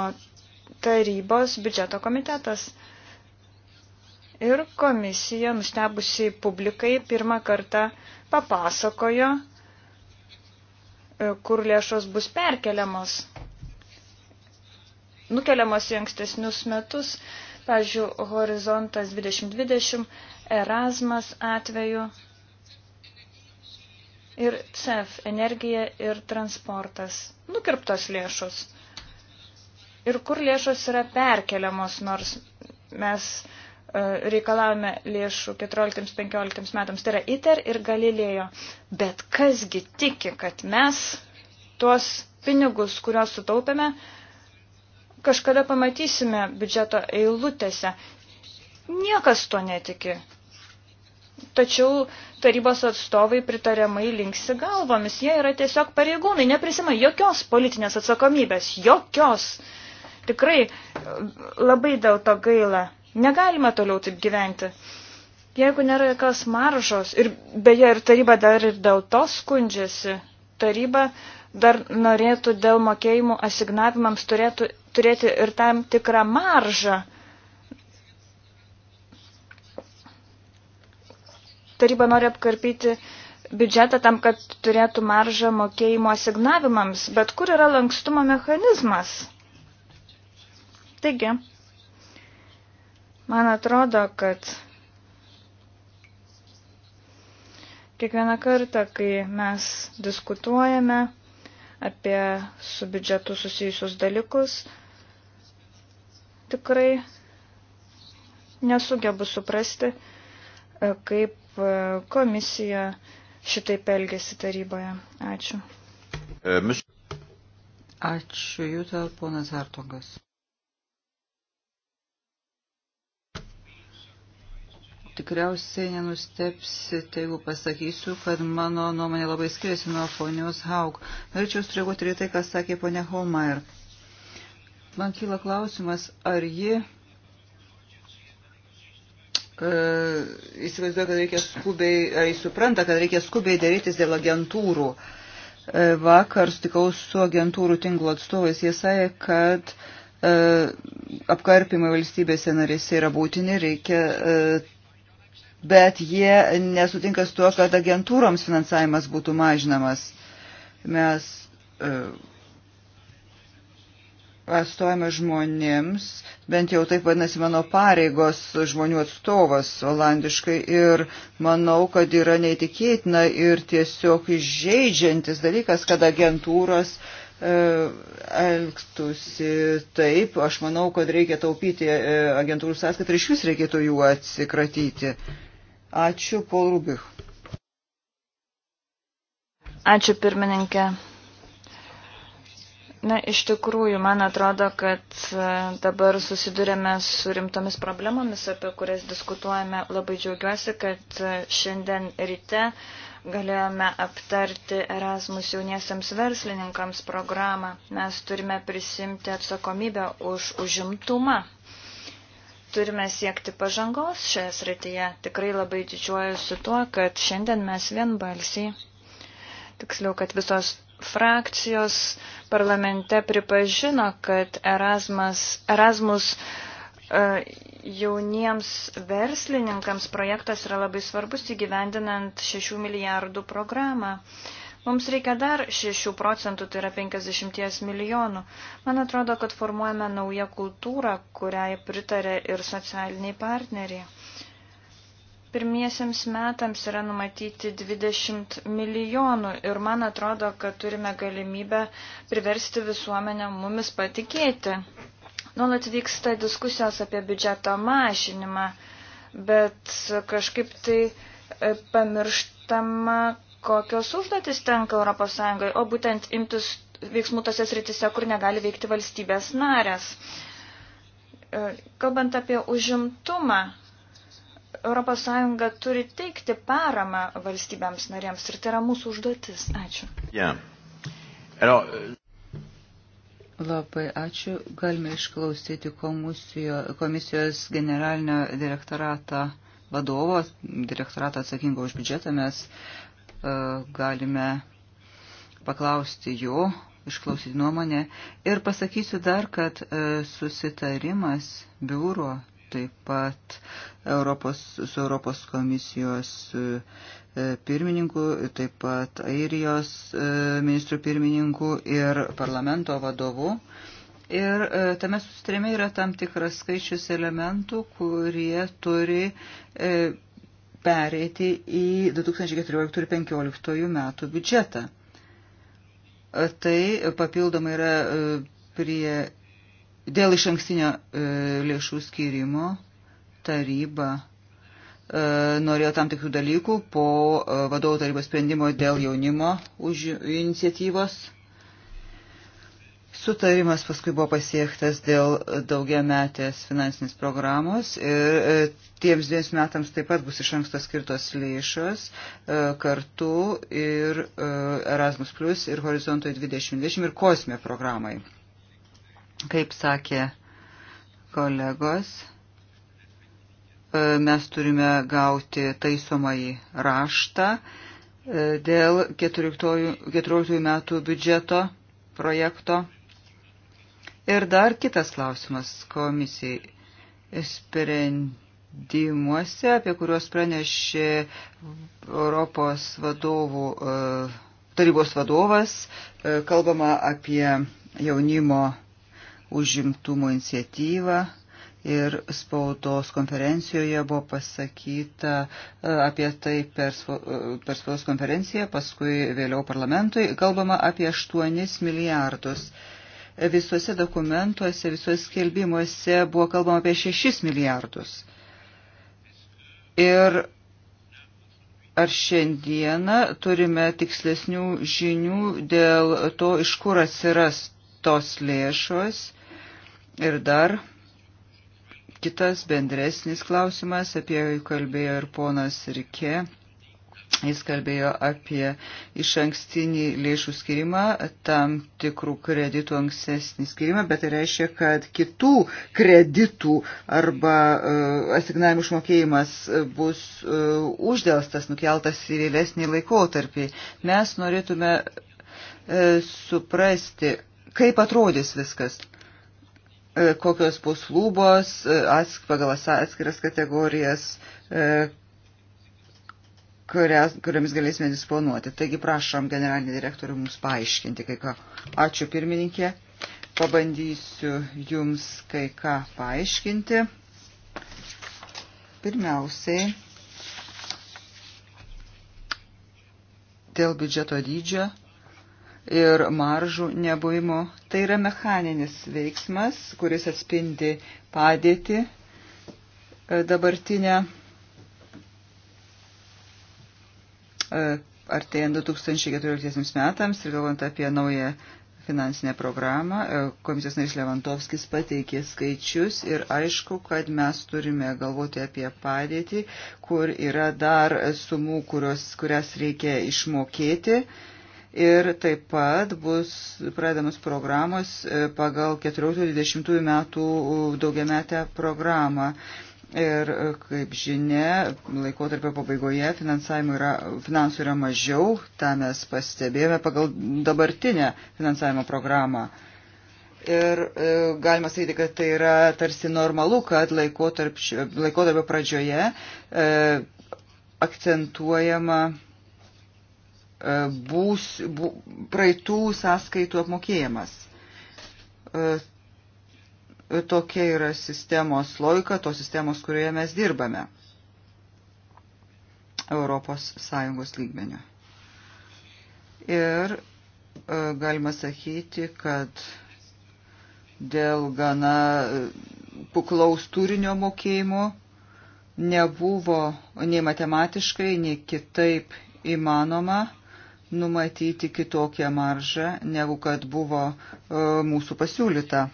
tarybos biudžeto komitetas. Ir komisija, nustebusiai publikai, pirmą kartą papasakojo, e, kur lėšos bus perkeliamos, nukeliamos į ankstesnius metus. Pavyzdžiui, Horizontas 2020, Erasmas atveju ir CEF energija ir transportas. Nukirptos lėšos. Ir kur lėšos yra perkeliamos, nors mes E, reikalavome lėšų 14-15 metams, tai yra ITER ir Galilėjo. Bet kasgi tiki, kad mes tuos pinigus, kuriuos sutaupėme, kažkada pamatysime biudžeto eilutėse. Niekas to netiki. Tačiau tarybos atstovai pritariamai linksi galvomis. Jie yra tiesiog pareigūnai, neprisima jokios politinės atsakomybės, jokios. Tikrai labai dėl to gaila. Negalime toliau taip gyventi. Jeigu nėra jokios maržos, ir beje, ir taryba dar ir dėl to skundžiasi, taryba dar norėtų dėl mokėjimų asignavimams turėtų, turėti ir tam tikrą maržą. Taryba nori apkarpyti biudžetą tam, kad turėtų maržą mokėjimo asignavimams, bet kur yra lankstumo mechanizmas? Taigi, Man atrodo, kad kiekvieną kartą, kai mes diskutuojame apie su biudžetu susijusius dalykus, tikrai nesugebu suprasti, e, kaip e, komisija šitaip elgėsi taryboje. Ačiū. E, Ačiū, Jūta, ponas Artogas. Tikriausiai nenustepsite, jeigu pasakysiu, kad mano nuomonė labai skiriasi nuo ponios Haug. Norėčiau sureaguoti ir tai, ką sakė ponia Holmeier. Man kyla klausimas, ar ji e, įsivaizduoja, kad reikia skubiai, ar jis supranta, kad reikia skubiai darytis dėl agentūrų. E, vakar sutikau su agentūrų tinklo atstovais, jie sakė, kad e, apkarpimai valstybėse narėse yra būtini, reikia e, bet jie nesutinka su tuo, kad agentūroms finansavimas būtų mažinamas. Mes e, atstovame žmonėms, bent jau taip vadinasi mano pareigos žmonių atstovas olandiškai ir manau, kad yra neįtikėtina ir tiesiog žaidžiantis dalykas, kad agentūros e, elgtųsi taip. Aš manau, kad reikia taupyti e, agentūrų sąskaitą ir iš vis reikėtų jų atsikratyti. Ačiū, Paul Rubich. Ačiū, pirmininkė. Na, iš tikrųjų, man atrodo, kad e, dabar susidurėme su rimtomis problemomis, apie kurias diskutuojame. Labai džiaugiuosi, kad e, šiandien ryte galėjome aptarti Erasmus jauniesiams verslininkams programą. Mes turime prisimti atsakomybę už užimtumą turime siekti pažangos šioje srityje. Tikrai labai didžiuojuosi tuo, kad šiandien mes vienbalsiai, tiksliau, kad visos frakcijos parlamente pripažino, kad Erasmus, Erasmus jauniems verslininkams projektas yra labai svarbus įgyvendinant 6 milijardų programą. Uh, Mums reikia dar 6 procentų, tai yra 50 milijonų. Man atrodo, kad formuojame naują kultūrą, kuriai pritarė ir socialiniai partneriai. Pirmiesiems metams yra numatyti 20 milijonų ir man atrodo, kad turime galimybę priversti visuomenę mumis patikėti. Nuolat vyksta diskusijos apie biudžeto mažinimą bet kažkaip tai e, pamirštama, kokios užduotis tenka ES, o būtent imtis veiksmų tose sritise, kur negali veikti valstybės narės. E, kalbant apie užimtumą, ES turi teikti paramą valstybėms narėms ir tai yra mūsų užduotis. Ačiū. Yeah. Alors, Labai ačiū. Galime išklausyti komisijo, komisijos generalinio direktorato vadovo, direktorato atsakingo už biudžetą. Mes E, galime paklausti jų, išklausyti nuomonę. Ir pasakysiu dar, kad e, susitarimas biuro taip pat Europos, su Europos komisijos e, pirmininku, taip pat Airijos ministrų pirmininku ir parlamento vadovu. Ir tame sustrėme yra tam tikras skaičius elementų, kurie turi pereiti į 2014-2015 metų biudžetą. E, tai papildomai yra e, prie dėl iš ankstinio e, lėšų skirimo taryba norėjo tam tikrų dalykų po vadovų tarybos sprendimo dėl jaunimo už iniciatyvos Sutarimas paskui buvo pasiektas dėl daugiametės finansinės programos ir e, tiems dviems metams taip pat bus iš anksto skirtos lėšos e, kartu ir e, Erasmus Plus ir Horizontoj 2020 ir Kosme programai. Kaip sakė kolegos, mes turime gauti taisomąjį raštą dėl 14 metų biudžeto projekto Ir dar kitas klausimas komisijai. Sprendimuose, apie kuriuos pranešė Europos vadovų, e, tarybos vadovas, e, kalbama apie jaunimo užimtumo iniciatyvą, ir spaudos konferencijoje buvo pasakyta e, apie tai per, per spaudos konferenciją, paskui vėliau parlamentui, kalbama apie 8 milijardus visuose dokumentuose, visuose skelbimuose buvo kalbama apie 6 milijardus. Ir ar šiandieną turime tikslesnių žinių dėl to, iš kur atsiras tos lėšos. Ir dar kitas bendresnis klausimas, apie jį kalbėjo ir ponas Rike. Jis kalbėjo apie iš ankstinį lėšų skirimą, tam tikrų kreditų ankstesnį skirimą, bet tai reiškia, kad kitų kreditų arba uh, asignavimų išmokėjimas e, bus uh, uždėlstas, nukeltas į vėlesnį laikotarpį. Mes norėtume uh, suprasti, kaip atrodys viskas kokios bus lubos atsk, pagal atskiras kategorijas, kurias, kuriamis galėsime disponuoti. Taigi prašom generalinį direktorių mums paaiškinti kai ką. Ačiū pirmininkė, pabandysiu jums kai ką paaiškinti. Pirmiausiai, dėl biudžeto dydžio ir maržų nebuvimo. Tai yra mechaninis veiksmas, kuris atspindi padėtį e, dabartinę E, artėjant 2014 metams ir galvojant apie naują finansinę programą, e, komisijos narys Levantovskis pateikė skaičius ir aišku, kad mes turime galvoti apie padėtį, kur yra dar sumų, kurios, kurias reikia išmokėti. Ir taip pat bus pradamos programos e, pagal 14-20 metų daugiametę programą. Ir e, kaip žinia, laikotarpio pabaigoje yra, finansų yra mažiau, tą mes pastebėjome pagal dabartinę finansavimo programą. Ir e, galima sakyti, kad tai yra tarsi normalu, kad laikotarpio laiko pradžioje e, akcentuojama e, būs, bū, praeitų sąskaitų apmokėjimas. E, Tokia yra sistemos loika, tos sistemos, kurioje mes dirbame Europos Sąjungos lygmeniu. Ir e, galima sakyti, kad dėl gana puklaus e, turinio mokėjimo nebuvo nei matematiškai, nei kitaip įmanoma numatyti kitokią maržą, negu kad buvo e, mūsų pasiūlyta.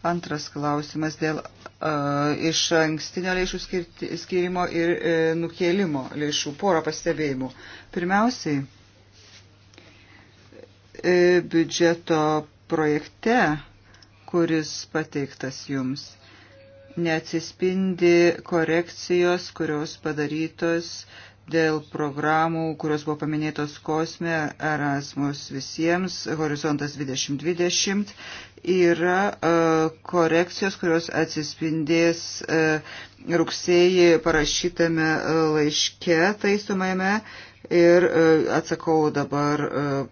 Antras klausimas dėl uh, iš ankstinio lėšų skirti, skirimo ir uh, nukėlimo lėšų. Porą pastebėjimų. Pirmiausiai, uh, biudžeto projekte, kuris pateiktas jums, neatsispindi korekcijos, kurios padarytos uh, dėl programų, kurios buvo paminėtos kosme, Erasmus visiems, Horizontas 2020, yra e, korekcijos, kurios atsispindės e, rugsėjį parašytame e, laiške taisomajame. Ir atsakau dabar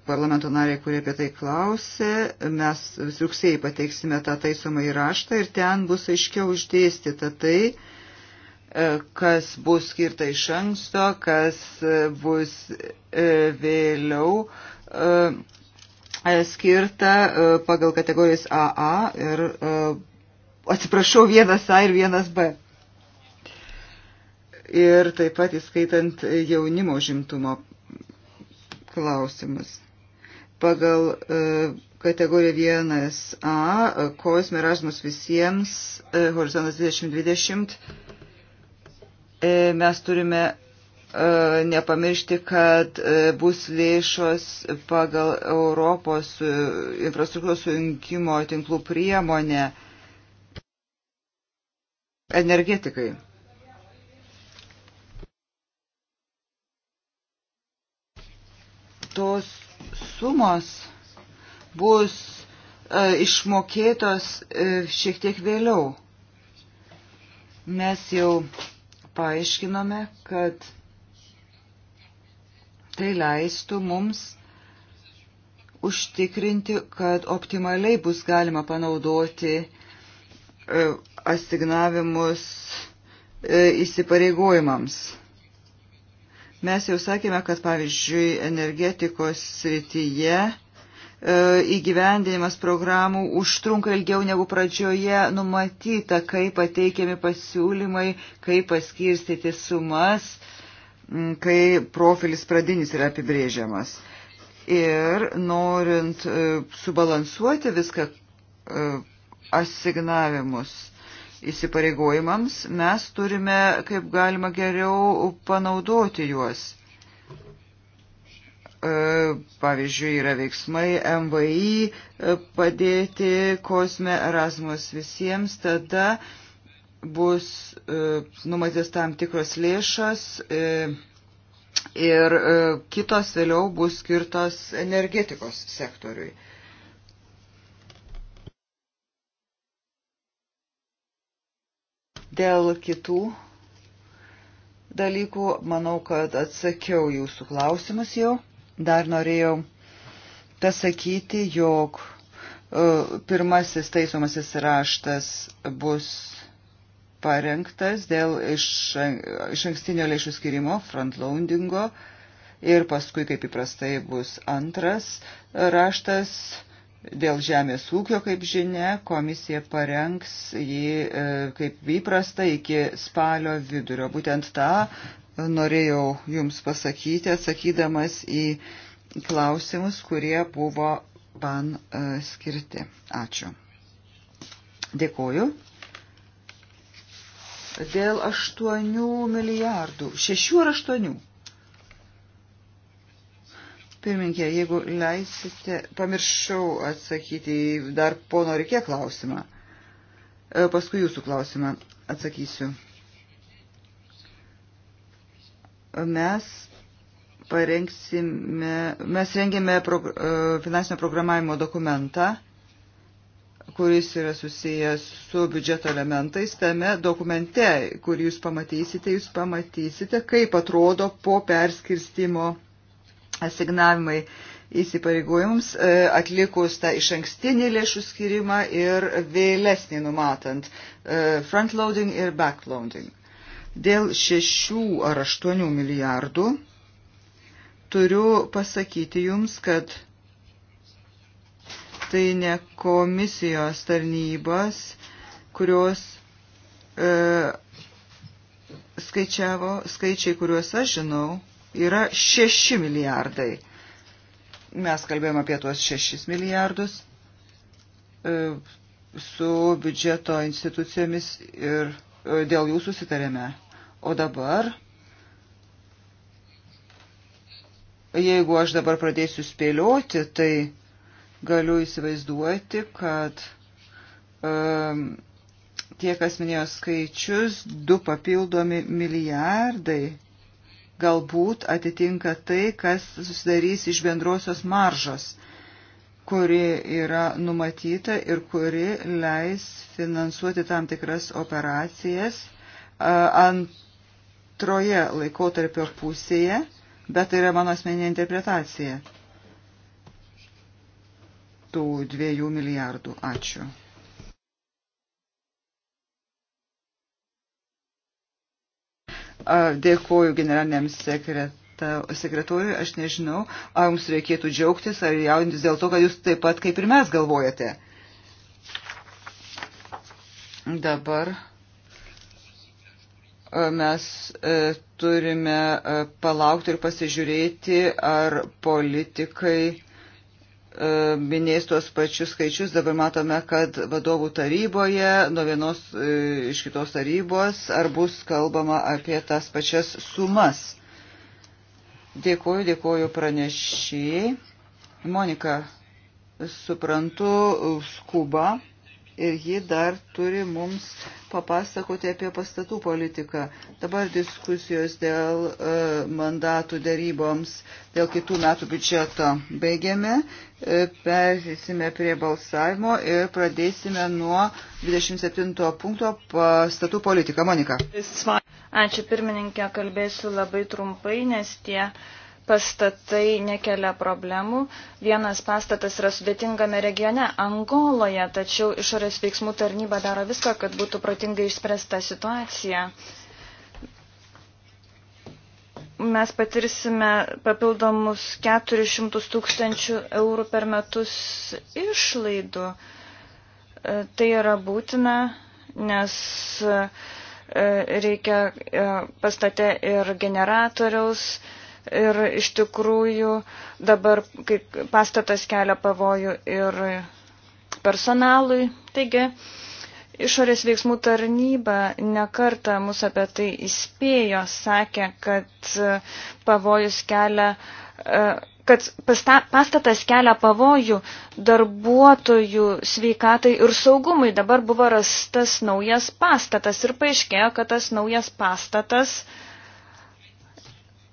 parlamento nariai, kurie apie tai klausė. Mes rugsėjai pateiksime tą taisomą įraštą ir ten bus aiškiau išdėstyta tai, E, kas bus skirta iš anksto, kas e, bus e, vėliau skirta pagal kategorijas AA ir atsiprašau vienas A ir vienas B. Ir taip pat įskaitant jaunimo žimtumo klausimus. Pagal kategoriją 1A, Kosme Erasmus visiems, Horizontas 2020 E, mes turime e, nepamiršti, kad e, bus lėšos pagal Europos infrastruktūros sujungimo tinklų priemonę energetikai. Tos sumos bus išmokėtos šiek tiek vėliau. Mes jau paaiškinome, kad tai leistų mums užtikrinti, kad optimaliai bus galima panaudoti e, asignavimus e, įsipareigojimams. Mes jau sakėme, kad pavyzdžiui energetikos srityje E, įgyvendinimas programų užtrunka ilgiau negu pradžioje numatyta, kaip pateikiami pasiūlymai, kaip paskirstyti sumas, kai profilis pradinis yra apibrėžiamas. Ir norint e, subalansuoti viską e, asignavimus įsipareigojimams, mes turime kaip galima geriau panaudoti juos E, pavyzdžiui, yra veiksmai MVI e, padėti kosme Erasmus visiems, tada bus e, numatytas tam tikros lėšas ir kitos vėliau bus skirtos energetikos sektoriui. Dėl kitų dalykų manau, kad atsakiau jūsų klausimus jau. Dar norėjau pasakyti, jog e, pirmasis taisomasis raštas bus parengtas dėl iš, iš ankstinio lėšų skirimo, frontloadingo, ir paskui, kaip įprastai, bus antras raštas dėl žemės ūkio, kaip žinia, komisija parengs jį e, kaip įprasta iki spalio vidurio. Būtent tą norėjau Jums pasakyti, atsakydamas į klausimus, kurie buvo man e, skirti. Ačiū. Dėkoju. Dėl 8 milijardų. 6 ar 8? Pirminkė, jeigu leisite, pamiršau atsakyti dar pono Rikė klausimą. E, paskui jūsų klausimą atsakysiu mes parengsime, mes rengėme pro, e, finansinio programavimo dokumentą, kuris yra susijęs su biudžeto elementais. Tame dokumente, kur jūs pamatysite, jūs pamatysite, kaip atrodo po perskirstimo asignavimai įsipareigojimams e, atlikus tą iš ankstinį lėšų skirimą ir vėlesnį numatant e, frontloading ir backloading. Dėl 6 ar 8 milijardų turiu pasakyti jums, kad tai ne komisijos tarnybos, kurios e, skaičiavo, skaičiai, kuriuos aš žinau, yra 6 milijardai. Mes kalbėjome apie tuos 6 milijardus e, su biudžeto institucijomis ir e, dėl jų susitarėme. O dabar, jeigu aš dabar pradėsiu spėlioti, tai galiu įsivaizduoti, kad um, tie, kas minėjo skaičius, du papildomi milijardai galbūt atitinka tai, kas susidarys iš bendrosios maržos, kuri yra numatyta ir kuri leis finansuoti tam tikras operacijas ant antroje laikotarpio pusėje, bet tai yra mano asmeninė interpretacija tų dviejų milijardų. Ačiū. Dėkuoju generaliniam sekretoriui sekretoriui, aš nežinau, ar jums reikėtų džiaugtis ar jaudintis dėl to, kad jūs taip pat kaip ir mes galvojate. Dabar E, mes e, turime e, palaukti ir pasižiūrėti, ar politikai minės tuos pačius skaičius. Dabar matome, kad vadovų taryboje, nuo vienos iš kitos tarybos, ar bus kalbama apie tas pačias sumas. Dėkuoju, dėkuoju pranešėjai. Monika, suprantu, skuba ir ji dar turi mums papasakoti apie pastatų politiką. Dabar diskusijos dėl e, mandatų daryboms dėl kitų metų biudžeto baigiame. E, Persisime prie balsavimo ir pradėsime nuo 27 punkto pastatų politiką. Monika. Ačiū pirmininkė, kalbėsiu labai trumpai, nes tie pastatai nekelia problemų. Vienas pastatas yra sudėtingame regione Angoloje, tačiau išorės veiksmų tarnyba daro viską, kad būtų protingai išspręsta situacija. Mes patirsime papildomus 400 tūkstančių eurų per metus išlaidų. E, tai yra būtina, nes e, reikia e, pastate ir generatoriaus, Ir iš tikrųjų dabar pastatas kelia pavojų ir personalui. Taigi, išorės veiksmų tarnyba nekarta mus apie tai įspėjo, sakė, kad pavojus kelia e, kad pastatas kelia pavojų darbuotojų sveikatai ir saugumui. Dabar buvo rastas naujas pastatas ir paaiškėjo, kad tas naujas pastatas uh,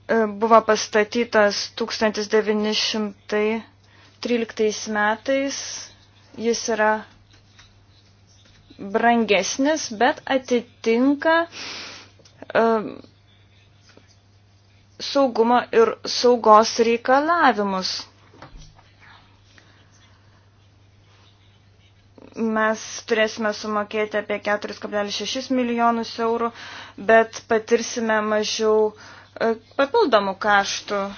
E, buvo pastatytas 1913 metais. Jis yra brangesnis, bet atitinka um, saugumo ir saugos reikalavimus. mes turėsime sumokėti apie 4,6 milijonus eurų, bet patirsime mažiau E, papildomų kaštų. E,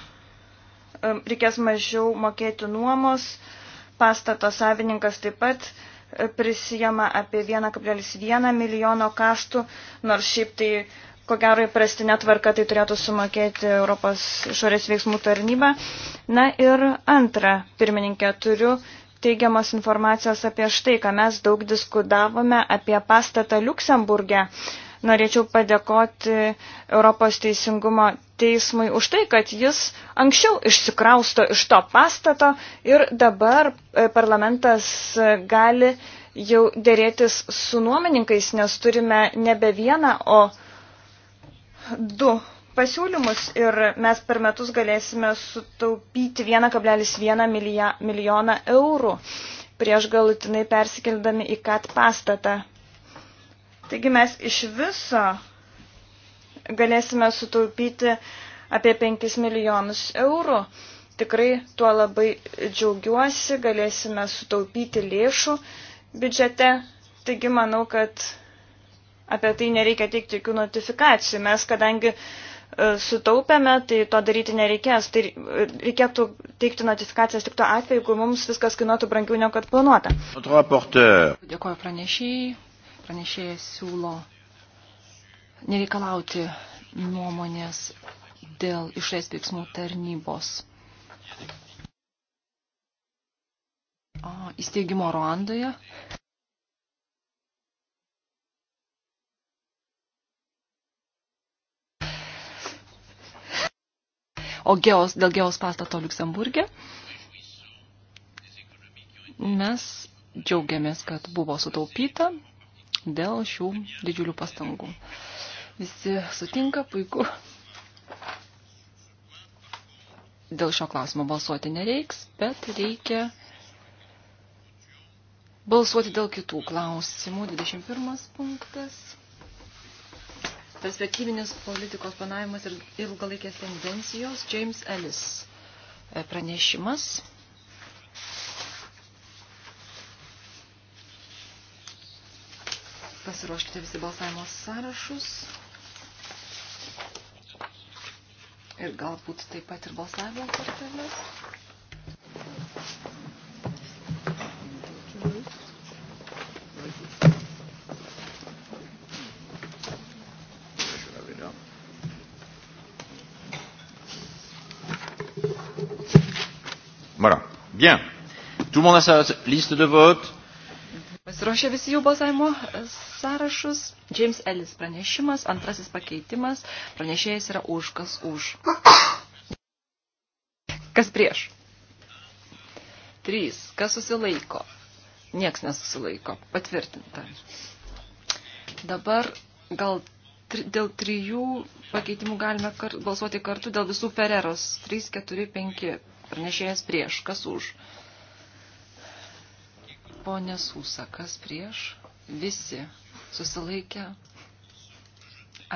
reikės mažiau mokėti nuomos, pastato savininkas taip pat e, prisijama apie 1,1 milijono kaštų, nors šiaip tai, ko gero, įprastinė tvarka tai turėtų sumokėti Europos išorės veiksmų tarnyba. Na ir antra, pirmininkė, turiu teigiamos informacijos apie štai, ką mes daug diskutavome apie pastatą Luksemburgė. E Norėčiau padėkoti Europos teisingumo teismui už tai, kad jis anksčiau išsikrausto iš to pastato ir dabar e, parlamentas e, gali jau dėrėtis su nuomininkais, nes turime nebe vieną, o du pasiūlymus ir mes per metus galėsime sutaupyti 1,1 milijoną eurų prieš galutinai persikeldami į kat pastatą. Taigi mes iš viso galėsime sutaupyti apie 5 milijonus eurų. Tikrai tuo labai džiaugiuosi, galėsime sutaupyti lėšų biudžete. Taigi manau, kad apie tai nereikia teikti jokių notifikacijų. Mes, kadangi e, sutaupėme, tai to daryti nereikės. Tai reikėtų teikti notifikacijas tik tuo atveju, jeigu mums viskas kainuotų brangiau negu kad planuota. Dėkuoju pranešėjai pranešėjas siūlo nereikalauti nuomonės dėl išės veiksmų tarnybos įsteigimo Ruandoje. O geos, dėl geos pastato Luksemburgė mes džiaugiamės, kad buvo sutaupyta dėl šių didžiulių pastangų. Visi sutinka, puiku. Dėl šio klausimo balsuoti nereiks, bet reikia balsuoti dėl kitų klausimų. 21 punktas. Perspektyvinis politikos planavimas ir ilgalaikės tendencijos. James Ellis pranešimas. Pasiruoškite visi balsavimo sąrašus. Ir galbūt taip pat ir balsavimo kortelės. Voilà. Bien. Tout le monde a sa liste de vote. Pasiruošė visi jų balsavimo sąrašus. James Ellis pranešimas, antrasis pakeitimas. Pranešėjas yra už, kas už. Kas prieš? Trys. Kas susilaiko? Nieks nesusilaiko. Patvirtinta. Dabar gal tri, dėl trijų pakeitimų galime kar, balsuoti kartu dėl visų Ferreros. 3, 4, 5. Pranešėjas prieš. Kas už? Kas už? ponė Sūsa, kas prieš, visi susilaikę,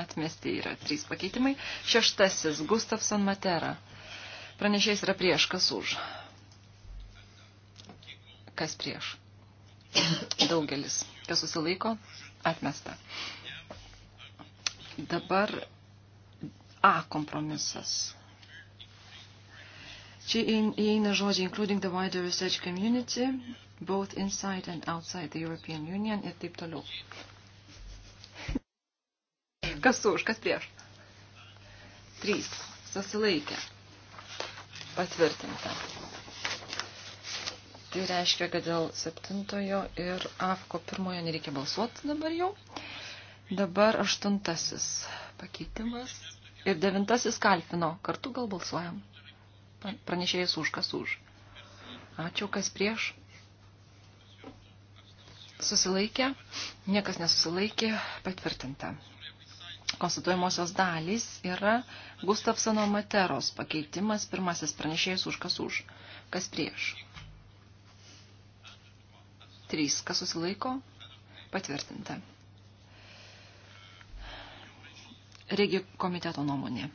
atmesti yra trys pakeitimai. Šeštasis, Gustafson Matera. Pranešėjas yra prieš, kas už. Kas prieš. Daugelis. Kas susilaiko, atmesta. Dabar A kompromisas. Čia įeina žodžiai including the wider research community both inside and outside the European Union ir taip toliau. Kas už, kas prieš? Trys. Susilaikė. Patvirtinta. Tai reiškia, kad dėl septintojo ir AFKO pirmojo nereikia balsuoti dabar jau. Dabar aštuntasis pakeitimas. Ir devintasis kalfino. Kartu gal balsuojam. Pranešėjas už, kas už. Ačiū, kas prieš susilaikė, niekas nesusilaikė, patvirtinta. Konstatuojamosios dalys yra Gustafsono Materos pakeitimas, pirmasis pranešėjas už kas už, kas prieš. Trys, kas susilaiko, patvirtinta. Regi komiteto nuomonė.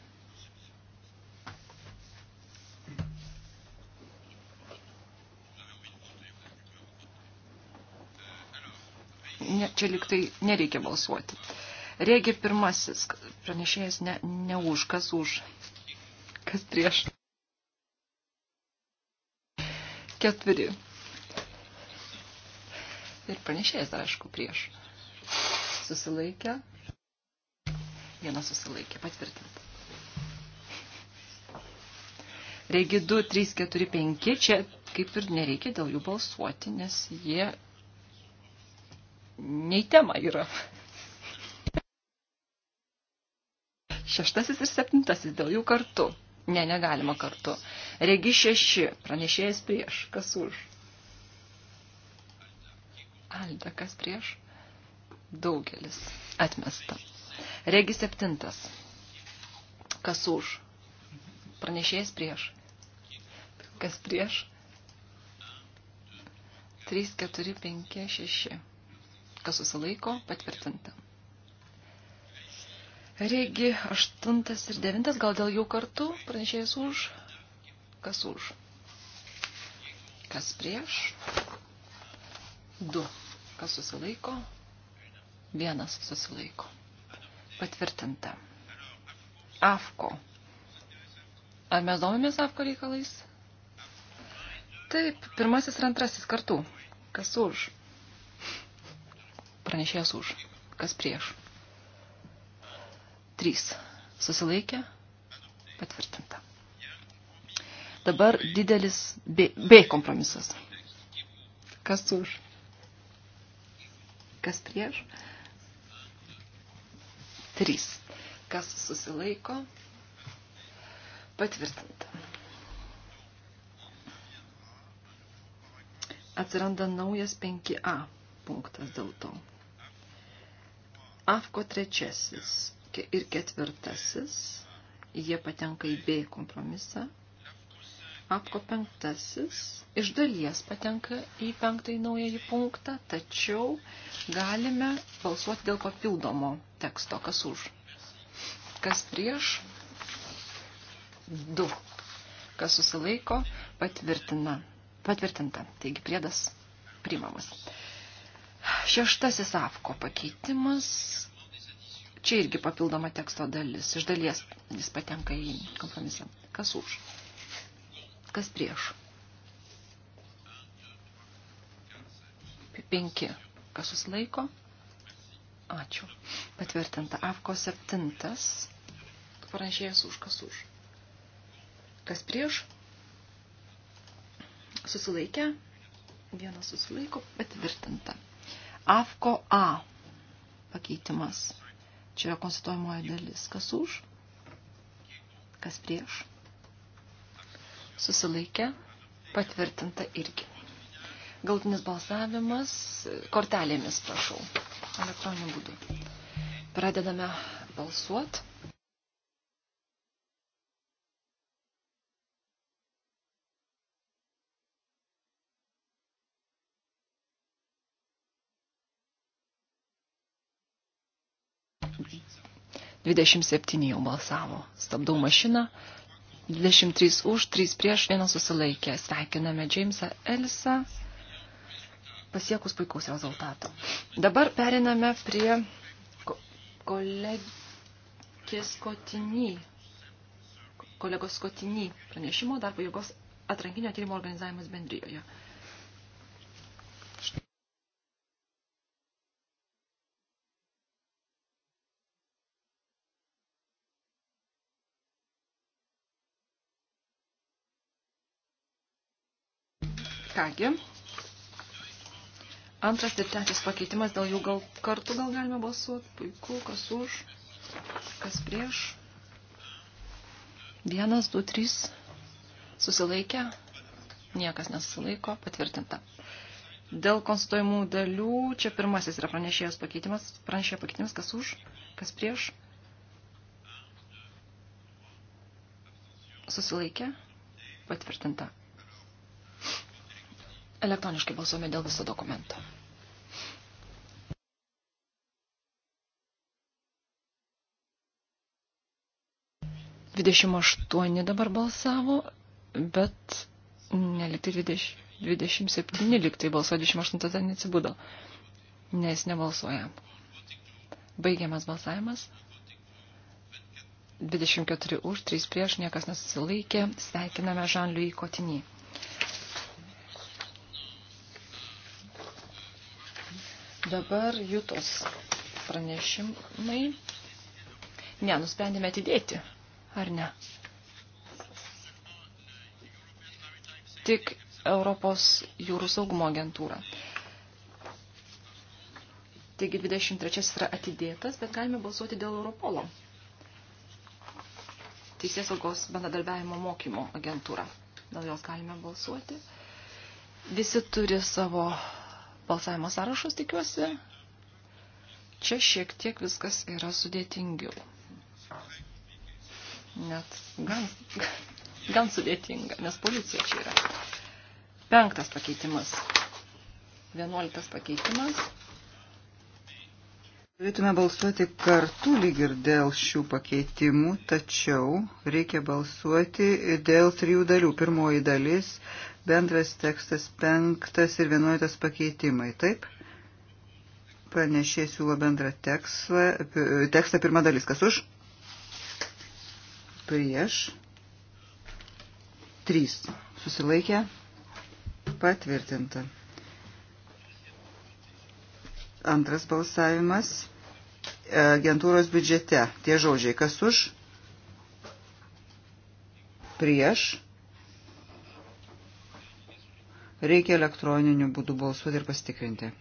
ne, čia liktai nereikia balsuoti. Regi pirmasis, pranešėjas ne, ne už, kas už, kas prieš. Keturi. Ir pranešėjas, aišku, prieš. Susilaikę. Vienas susilaikė, patvirtinta. Regi 2, 3, 4, 5, čia kaip ir nereikia dėl jų balsuoti, nes jie nei tema yra. Šeštasis ir septintasis dėl jų kartu. Ne, negalima kartu. Regi šeši, pranešėjas prieš, kas už. Alda, kas prieš? Daugelis. Atmesta. Regi septintas. Kas už? Pranešėjas prieš. Kas prieš? 3, 4, 5, 6 kas susilaiko, patvirtinta. Regi 8 ir 9, gal dėl jų kartų pranešėjas už, kas už, kas prieš, 2, kas susilaiko, 1 susilaiko, patvirtinta. Afko. Ar mes domimės Afko reikalais? Taip, pirmasis ir antrasis kartu. Kas už? pranešėjas už. Kas prieš? 3. Susilaikė? Patvirtinta. Dabar didelis B, B kompromisas. Kas už? Kas prieš? 3. Kas susilaiko? Patvirtinta. Atsiranda naujas 5a punktas dėl to. AFKO trečiasis ir ketvirtasis, jie patenka į B kompromisą. AFKO penktasis iš dalies patenka į penktąjį naująjį punktą, tačiau galime balsuoti dėl papildomo teksto, kas už, kas prieš, du, kas susilaiko, patvirtina, patvirtinta, taigi priedas priimamas. Šeštasis AFKO pakeitimas. Čia irgi papildoma teksto dalis. Iš dalies jis patenka į kompromisą. Kas už? Kas prieš? Penki. Kas susilaiko? Ačiū. Patvirtinta. AFKO septintas. Pranešėjas už. Kas už? Kas prieš? Susilaikę. Vienas susilaiko. Patvirtinta. AFKO A pakeitimas. Čia yra konstatuojamoji dalis. Kas už? Kas prieš? Susilaikė. Patvirtinta irgi. Galtinis balsavimas kortelėmis, prašau, elektroniniu būdu. Pradedame balsuoti. 27 jau balsavo. Stabdau mašiną. 23 už, 3 prieš, 1 susilaikė. Sveikiname Jamesą Elisą pasiekus puikaus rezultato. Dabar periname prie ko kolegės Kotinį, kolegos Kotinį pranešimo darbo jėgos atrankinio tyrimo organizavimas bendrijoje. Kągi, antras ir trečias pakeitimas, dėl jų gal kartu gal galime balsuoti. Puiku, kas už, kas prieš. Vienas, du, trys. Susilaikę. Niekas nesusilaiko. Patvirtinta. Dėl konstituojimų dalių, čia pirmasis yra pranešėjos pakeitimas. Pranešėjo pakeitimas, kas už, kas prieš. Susilaikę. Patvirtinta. Elektroniškai balsuojame dėl viso dokumento. Dvidešimt aštuoni dabar balsavo, bet neliktai dvidešimt septyni liktai balsuoja, dvidešimt aštuntas ten neatsibudo, nes nebalsuoja. Baigiamas balsavimas. 24 už, 3 prieš, niekas nesusilaikė. Sveikiname Žanliui Kotinį. Dabar Jutos pranešimai. Ne, nusprendėme atidėti, ar ne? Tik Europos jūrų saugumo agentūra. Taigi 23 yra atidėtas, bet galime balsuoti dėl Europolo. Teisės saugos bendradarbiavimo mokymo agentūra. Dėl jos galime balsuoti. Visi turi savo balsavimo sąrašus, tikiuosi. Čia šiek tiek viskas yra sudėtingiau. Net gan, gan sudėtinga, nes policija čia yra. Penktas pakeitimas. Vienuoliktas pakeitimas. Turėtume balsuoti kartu lyg ir dėl šių pakeitimų, tačiau reikia balsuoti dėl trijų dalių. Pirmoji dalis - bendras tekstas penktas ir vienuotas pakeitimai. Taip? Pranešė siūlo bendrą tekstą. Tekstą pirma dalis. Kas už? Prieš. Trys. Susilaikė. Patvirtinta. Antras balsavimas e, agentūros biudžete. Tie žodžiai, kas už, prieš. Reikia elektroniniu būdu balsuoti ir pasitikrinti.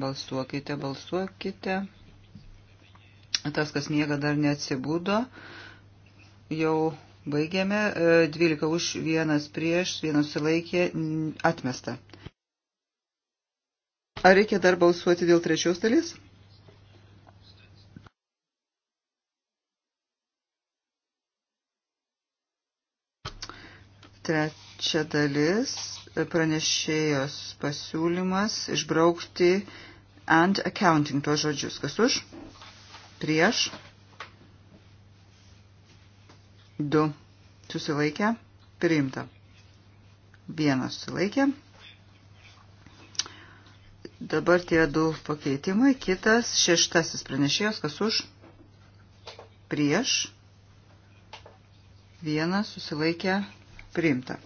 Balsuokite, balsuokite. Tas, kas miega dar neatsibūdo, jau Baigiame. 12 e, už, 1 prieš, 1 sulaikė, atmesta. Ar reikia dar balsuoti dėl trečios dalies? Trečia dalis pranešėjos pasiūlymas išbraukti and accounting tuos žodžius. Kas už? Prieš? Prieš? 2 susilaikę, priimta. 1 susilaikė. Dabar tie du pakeitimai. Kitas šeštasis pranešėjas, kas už, prieš, vienas susilaikė, priimta.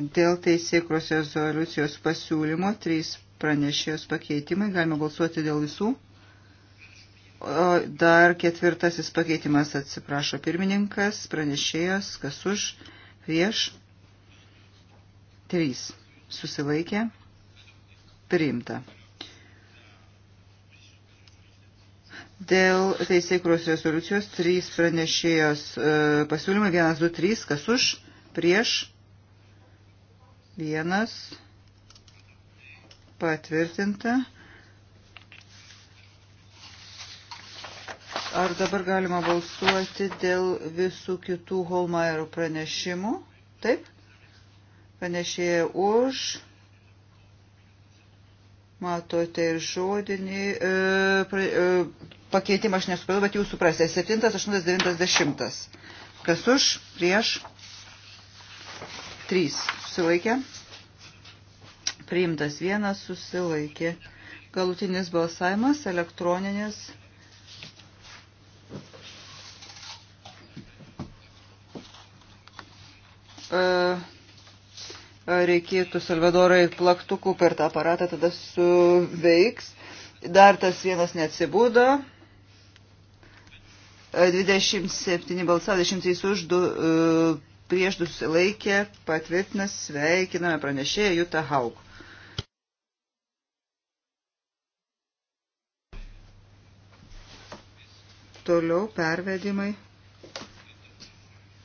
Dėl teisėkros rezoliucijos pasiūlymo trys pranešėjos pakeitimai. Galime balsuoti dėl visų. O dar ketvirtasis pakeitimas atsiprašo pirmininkas, pranešėjas, kas už, prieš, trys, susilaikė, priimta. Dėl teisėkros rezoliucijos trys pranešėjos e, pasiūlymai, vienas, du, trys, kas už, prieš, vienas, patvirtinta. Ar dabar galima balsuoti dėl visų kitų Holmairų pranešimų? Taip? Pranešėjai už. Matote ir žodinį. E, pra, e, pakeitimą aš nesupratau, bet jūs suprasite. 7, 8, 9, 10. Kas už? Prieš? 3. Susilaikė. Priimtas vienas susilaikė. Galutinis balsavimas, elektroninis E, e, reikėtų Salvadorai plaktukų per tą aparatą, tada suveiks. Dar tas vienas neatsibūdo. 27 balsą, 23 už, 2 e, prieš 2 susilaikė, patvirtina, sveikiname pranešėją Jutą Haug. Toliau pervedimai.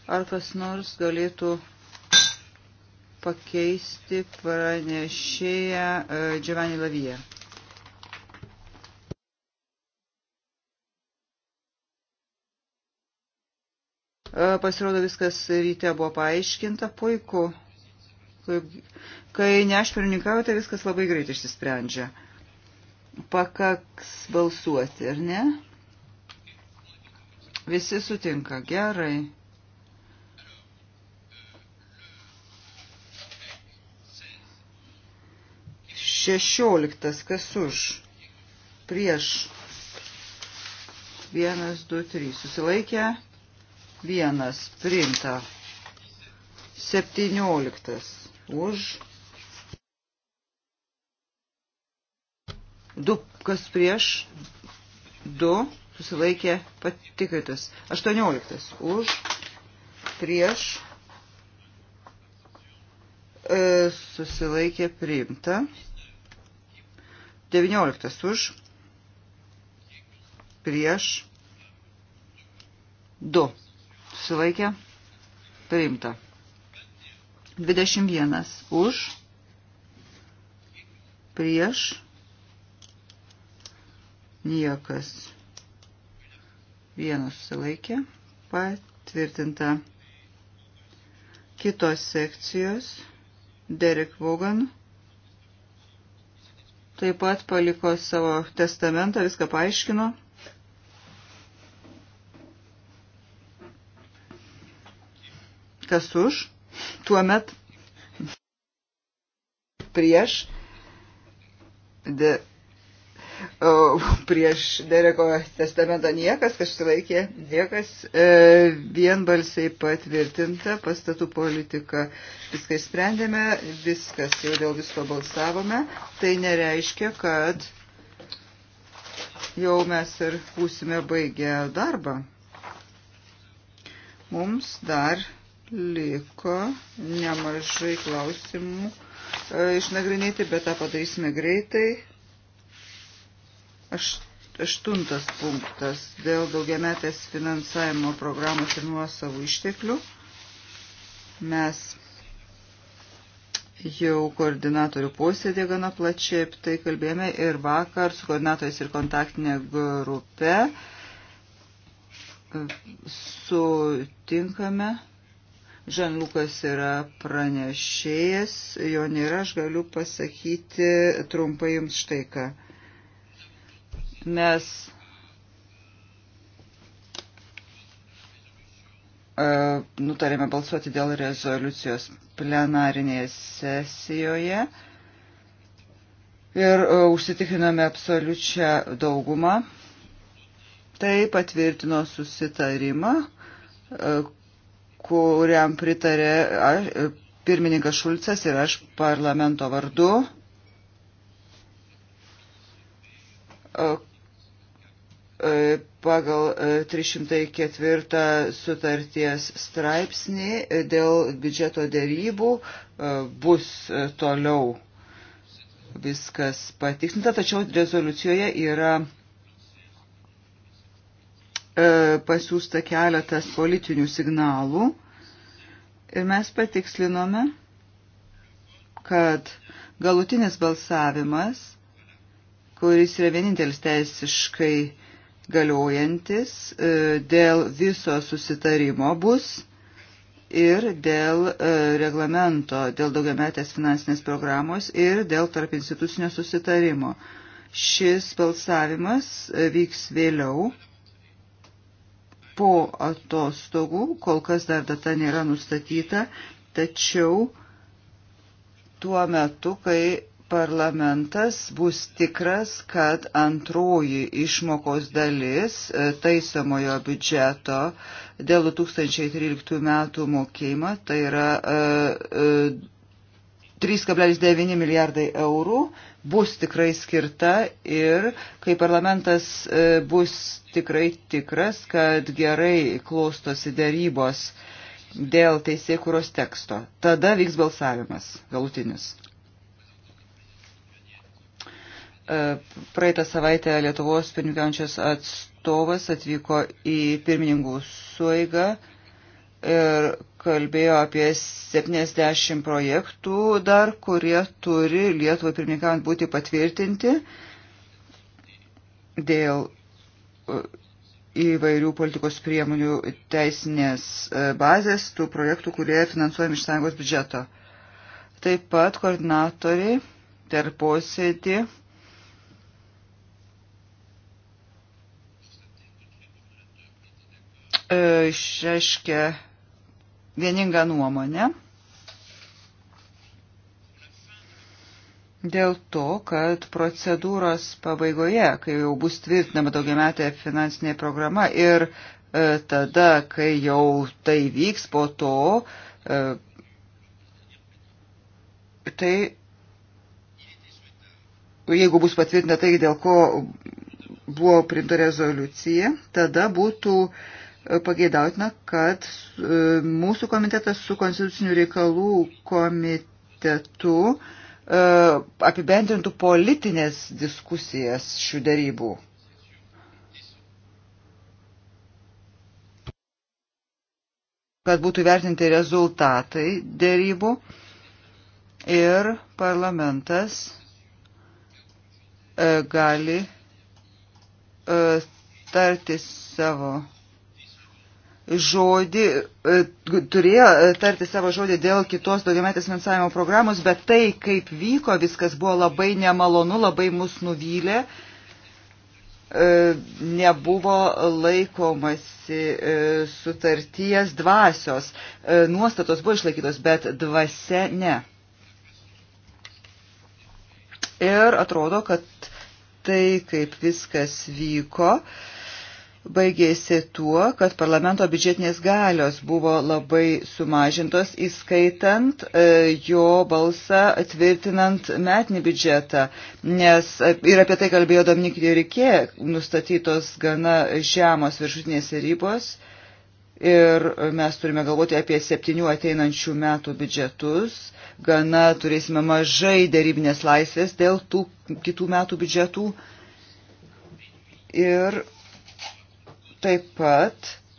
Ar kas nors galėtų pakeisti pranešėją e, Giovanni Laviją. E, pasirodo, viskas ryte buvo paaiškinta, puiku. Kai ne aš pirmininkauju, tai viskas labai greit išsisprendžia. Pakaks balsuoti, ar ne? Visi sutinka, gerai. Šešioliktas, kas už, prieš, vienas, du, trys, susilaikė, vienas, priimta, septynioliktas, už, du, kas prieš, du, susilaikė patikrintas. 18. Už, prieš, e, susilaikė priimta. 19 už, prieš, 2 susilaikė, priimta. 21 už, prieš, niekas, vienas susilaikė, patvirtinta. Kitos sekcijos, Derek Vogan, 21 taip pat paliko savo testamentą, viską paaiškino. Kas už? Tuomet prieš de, prieš Dereko testamentą niekas, kas sulaikė, niekas e, vienbalsiai patvirtinta pastatų politika. Viską sprendėme, viskas jau dėl visko balsavome. Tai nereiškia, kad jau mes ir būsime baigę darbą. Mums dar liko nemažai klausimų e, išnagrinėti, bet tą padarysime greitai. Aš, aštuntas punktas dėl daugiametės finansavimo programos ir nuosavų išteklių. Mes jau koordinatorių posėdė gana plačiai apie tai kalbėjome ir vakar su koordinatoriais ir kontaktinė grupė e, sutinkame. Žanlukas yra pranešėjas, jo nėra, aš galiu pasakyti trumpai jums štai ką mes e, nutarėme balsuoti dėl rezoliucijos plenarinėje sesijoje ir e, užsitikrinome absoliučią daugumą. Tai patvirtino susitarimą, e, kuriam pritarė aš, pirmininkas Šulcas ir aš parlamento vardu E, pagal 304 e, sutarties straipsnį e, dėl biudžeto dėrybų bus toliau viskas patikslinta, tačiau rezoliucijoje yra pasiūsta keletas politinių signalų ir mes patikslinome, kad galutinis balsavimas, kuris yra vienintelis teisiškai galiojantis e, dėl viso susitarimo bus ir dėl e, reglamento, dėl daugiametės finansinės programos ir dėl tarp institucinio susitarimo. Šis balsavimas e, vyks vėliau po atostogų, kol kas dar data nėra nustatyta, tačiau tuo metu, kai parlamentas bus tikras, kad antroji išmokos dalis e, taisomojo biudžeto dėl 2013 metų mokėjimo, tai yra 3,9 e, e, milijardai eurų, bus tikrai skirta ir kai parlamentas bus tikrai tikras, kad gerai klostosi dėrybos dėl teisėkuros teksto, tada vyks balsavimas galutinis. E, praeitą savaitę Lietuvos pirmininkiančios atstovas atvyko į pirmininkų suigą ir kalbėjo apie 70 projektų dar, kurie turi Lietuvai pirmininkant būti patvirtinti dėl e, įvairių politikos priemonių teisinės e, bazės, tų projektų, kurie finansuojami iš sąjungos biudžeto. Taip pat koordinatoriai per posėdį E, išreiškė vieningą nuomonę dėl to, kad procedūros pabaigoje, kai jau bus tvirtinama daugiametė finansinė programa ir e, tada, kai jau tai vyks po to, e, tai jeigu bus patvirtinta tai, dėl ko buvo priimta rezoliucija, tada būtų uh, pageidautina, kad e, mūsų komitetas su konstitucinių reikalų komitetu e, apibendrintų politinės diskusijas šių darybų. kad būtų vertinti rezultatai dėrybų ir parlamentas e, gali tarti savo žodį, e, turėjo e, tarti savo žodį dėl kitos daugiametės finansavimo programos, bet tai, kaip vyko, viskas buvo labai nemalonu, labai mus nuvylė, e, nebuvo laikomasi sutarties dvasios. Nuostatos buvo išlaikytos, bet dvasia ne. Ir atrodo, kad tai, kaip viskas vyko, uh, baigėsi tuo, kad parlamento biudžetinės galios buvo labai sumažintos, įskaitant e, jo balsą tvirtinant metinį biudžetą, nes e, ir apie tai kalbėjo Dominik Jerikė, nustatytos gana žemos viršutinės rybos. Ir mes turime galvoti apie septynių ateinančių metų biudžetus. Gana turėsime mažai darybinės laisvės dėl tų kitų metų biudžetų. Ir Taip pat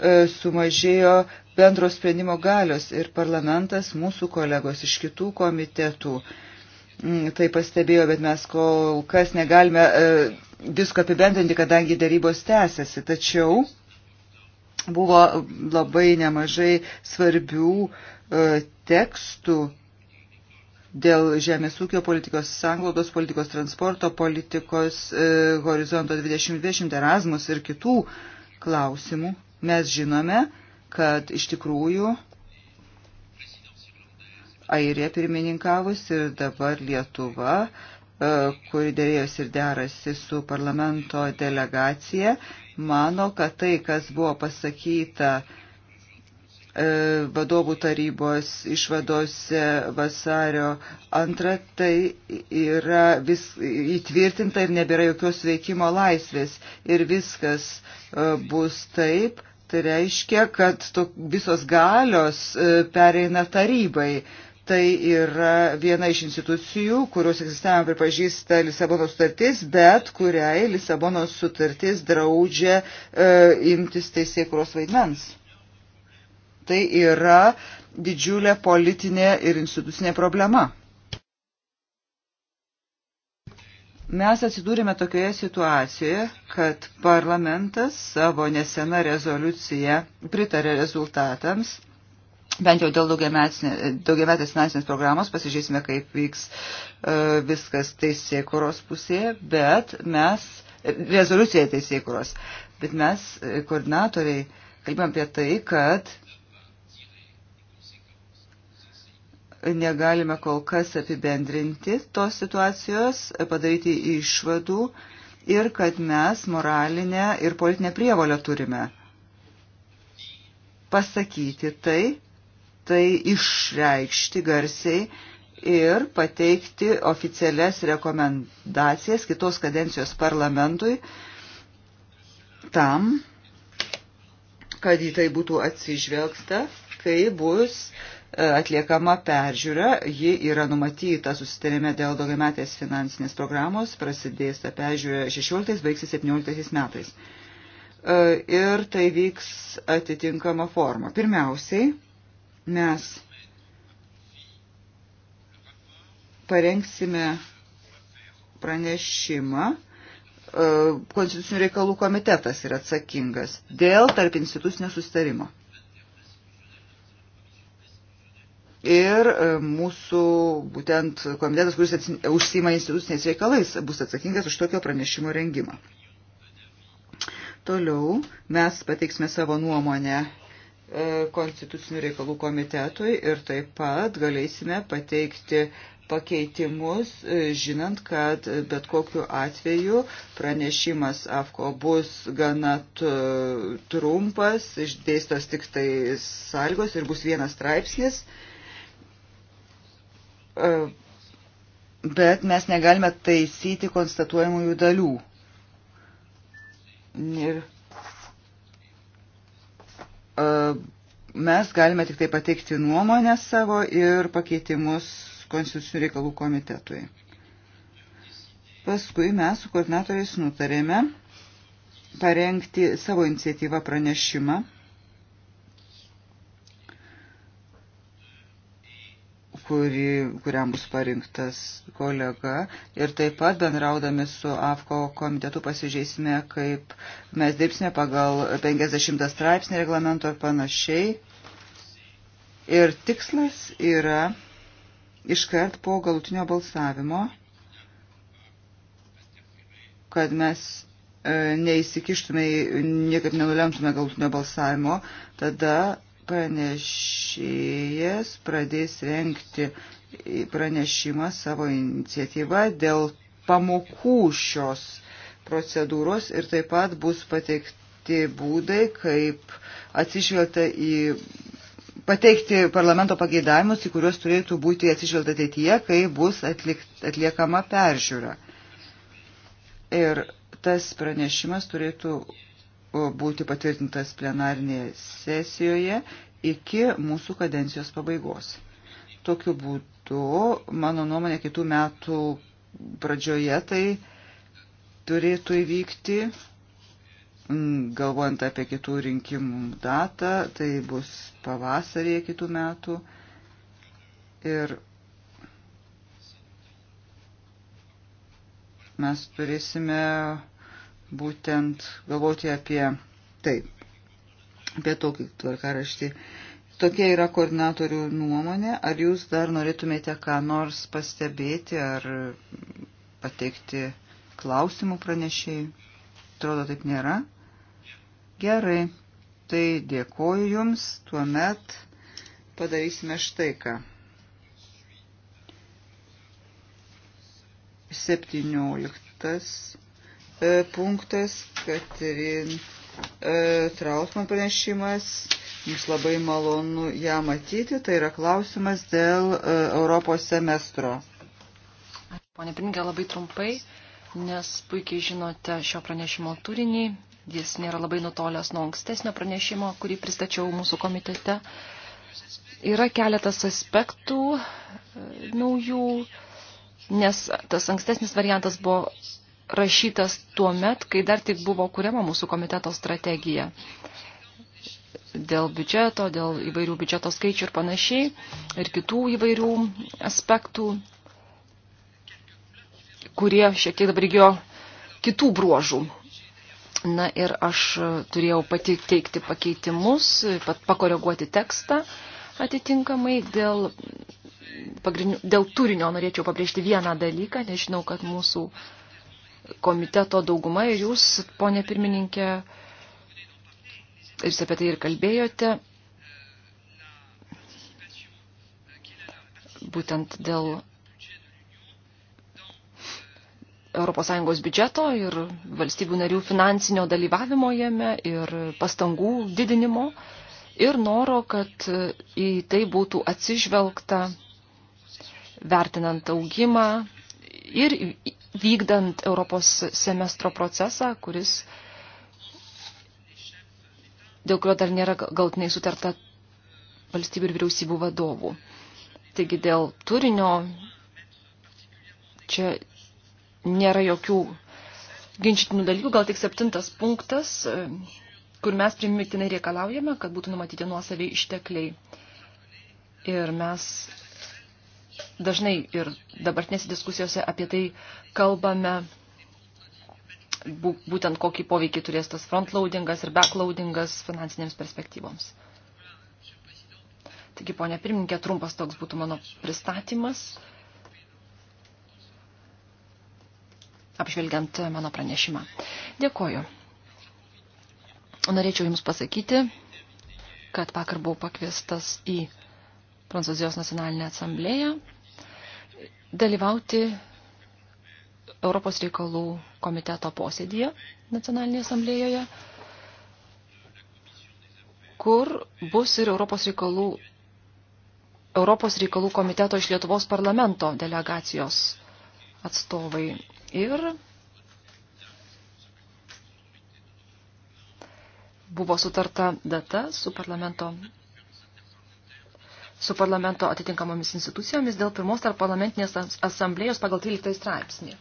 e, sumažėjo bendro sprendimo galios ir parlamentas mūsų kolegos iš kitų komitetų. Mm, tai pastebėjo, bet mes kol kas negalime e, visko apibendrinti, kadangi darybos tęsiasi. Tačiau buvo labai nemažai svarbių e, tekstų dėl žemės ūkio politikos, sanglaudos politikos, transporto politikos, e, horizonto 2020, Erasmus ir kitų e, klausimų. Mes žinome, kad iš tikrųjų Airija pirmininkavus ir dabar Lietuva, e, kuri dėrėjosi ir derasi su parlamento delegacija, mano, kad tai, kas buvo pasakyta E, vadovų tarybos išvadose vasario antrą, tai yra vis įtvirtinta ir nebėra jokios veikimo laisvės. Ir viskas e, bus taip, tai reiškia, kad to, visos galios e, pereina tarybai. Tai yra viena iš institucijų, kurios egzistavimą pripažįsta Lisabonos sutartis, bet kuriai Lisabonos sutartis draudžia e, imtis teisėkros vaidmens tai yra didžiulė politinė ir institucinė problema. Mes atsidūrėme tokioje situacijoje, kad parlamentas savo neseną rezoliuciją pritarė rezultatams, bent jau dėl daugiametės finansinės programos, pasižiūrėsime, kaip vyks e, viskas teisėkuros pusėje, bet mes, rezoliucija teisėkuros, bet mes e, koordinatoriai kalbėjom apie tai, kad negalime kol kas apibendrinti tos situacijos, padaryti išvadų ir kad mes moralinę ir politinę prievalę turime. Pasakyti tai, tai išreikšti garsiai ir pateikti oficialias rekomendacijas kitos kadencijos parlamentui tam, kad į tai būtų atsižvelgta, kai bus uh, atliekama peržiūra, ji yra numatyta susitarime dėl daugiametės finansinės programos, prasidės ta peržiūra 16, baigsis 17 metais. E, ir tai vyks atitinkama forma. Pirmiausiai mes parengsime pranešimą e, Konstitucinių reikalų komitetas yra atsakingas dėl tarp institucinio sustarimo. ir e, mūsų būtent komitetas, kuris užsima instituciniais reikalais, bus atsakingas už tokio pranešimo rengimą. Toliau mes pateiksime savo nuomonę e, konstitucinių reikalų komitetui ir taip pat galėsime pateikti pakeitimus, e, žinant, kad bet kokiu atveju pranešimas AFKO bus gana trumpas, išdėstos tik tai sąlygos ir bus vienas straipsnis. Uh, E, bet mes negalime taisyti konstatuojamųjų dalių. Ir e, mes galime tik tai pateikti nuomonę savo ir pakeitimus konstitucinių reikalų komitetui. Paskui mes su koordinatoriais nutarėme parengti savo iniciatyvą pranešimą kuri, kuriam bus parinktas kolega. Ir taip pat bendraudami su AFKO komitetu pasižiūrėsime, kaip mes dirbsime pagal 50 straipsnį reglamento ir panašiai. Ir tikslas yra iškart po galutinio balsavimo, kad mes e, neįsikištume, niekaip nenulemtume galutinio balsavimo, tada Panešėjas pradės renkti pranešimą savo iniciatyvą dėl pamokų šios procedūros ir taip pat bus pateikti būdai, kaip atsižvelgta į pateikti parlamento pageidavimus, į kuriuos turėtų būti atsižvelgta ateityje, kai bus atlik, atliekama peržiūra. Ir tas pranešimas turėtų būti patvirtintas plenarnėje sesijoje iki mūsų kadencijos pabaigos. Tokiu būdu, mano nuomonė, kitų metų pradžioje tai turėtų įvykti, mm, galvojant apie kitų rinkimų datą, tai bus pavasarėje kitų metų. Ir mes turėsime būtent galvoti apie tai, apie tokį tvarkaraštį. Tokia yra koordinatorių nuomonė. Ar jūs dar norėtumėte ką nors pastebėti ar pateikti klausimų pranešėjai? Atrodo, taip nėra. Gerai, tai dėkoju Jums, tuomet padarysime štai ką. 17 E, punktas, Katrin e, Trautman pranešimas. Mums labai malonu ją matyti. Tai yra klausimas dėl e, Europos semestro. Pone Pringė, labai trumpai, nes puikiai žinote šio pranešimo turinį. Jis nėra labai nutolęs nuo ankstesnio pranešimo, kurį pristačiau mūsų komitete. Yra keletas aspektų naujų, nes tas ankstesnis variantas buvo rašytas tuo met, kai dar tik buvo kuriama mūsų komiteto strategija dėl biudžeto, dėl įvairių biudžeto skaičių ir panašiai, ir kitų įvairių aspektų, kurie šiek tiek dabar įgijo kitų bruožų. Na ir aš turėjau pati teikti pakeitimus, pat pakoreguoti tekstą atitinkamai dėl, dėl turinio norėčiau pabrėžti vieną dalyką, nežinau, kad mūsų uh, komiteto dauguma ir jūs, ponė pirmininkė, jūs apie tai ir kalbėjote, būtent dėl ES biudžeto ir valstybių narių finansinio dalyvavimo jame ir pastangų didinimo ir noro, kad į tai būtų atsižvelgta vertinant augimą ir vykdant Europos semestro procesą, kuris, dėl kurio dar nėra galtinai sutarta valstybių ir vyriausybių vadovų. Taigi dėl turinio čia nėra jokių ginčytinų dalykų, gal tik septintas punktas, e, kur mes primiktinai reikalaujame, kad būtų numatyti nuosaviai ištekliai. Ir mes dažnai ir dabartinėse diskusijose apie tai kalbame, būtent kokį poveikį turės tas frontloadingas ir backloadingas finansinėms perspektyvoms. Taigi, ponė pirmininkė, trumpas toks būtų mano pristatymas, apžvelgiant mano pranešimą. Dėkoju. Norėčiau Jums pasakyti, kad vakar buvau pakviestas į Prancūzijos nacionalinę asamblėją dalyvauti Europos reikalų komiteto posėdėje nacionalinėje asamblėjoje, kur bus ir Europos reikalų, Europos reikalų komiteto iš Lietuvos parlamento delegacijos atstovai. Ir buvo sutarta data su parlamento su parlamento atitinkamomis institucijomis dėl pirmos tarp parlamentinės asamblėjos pagal 13 straipsnį.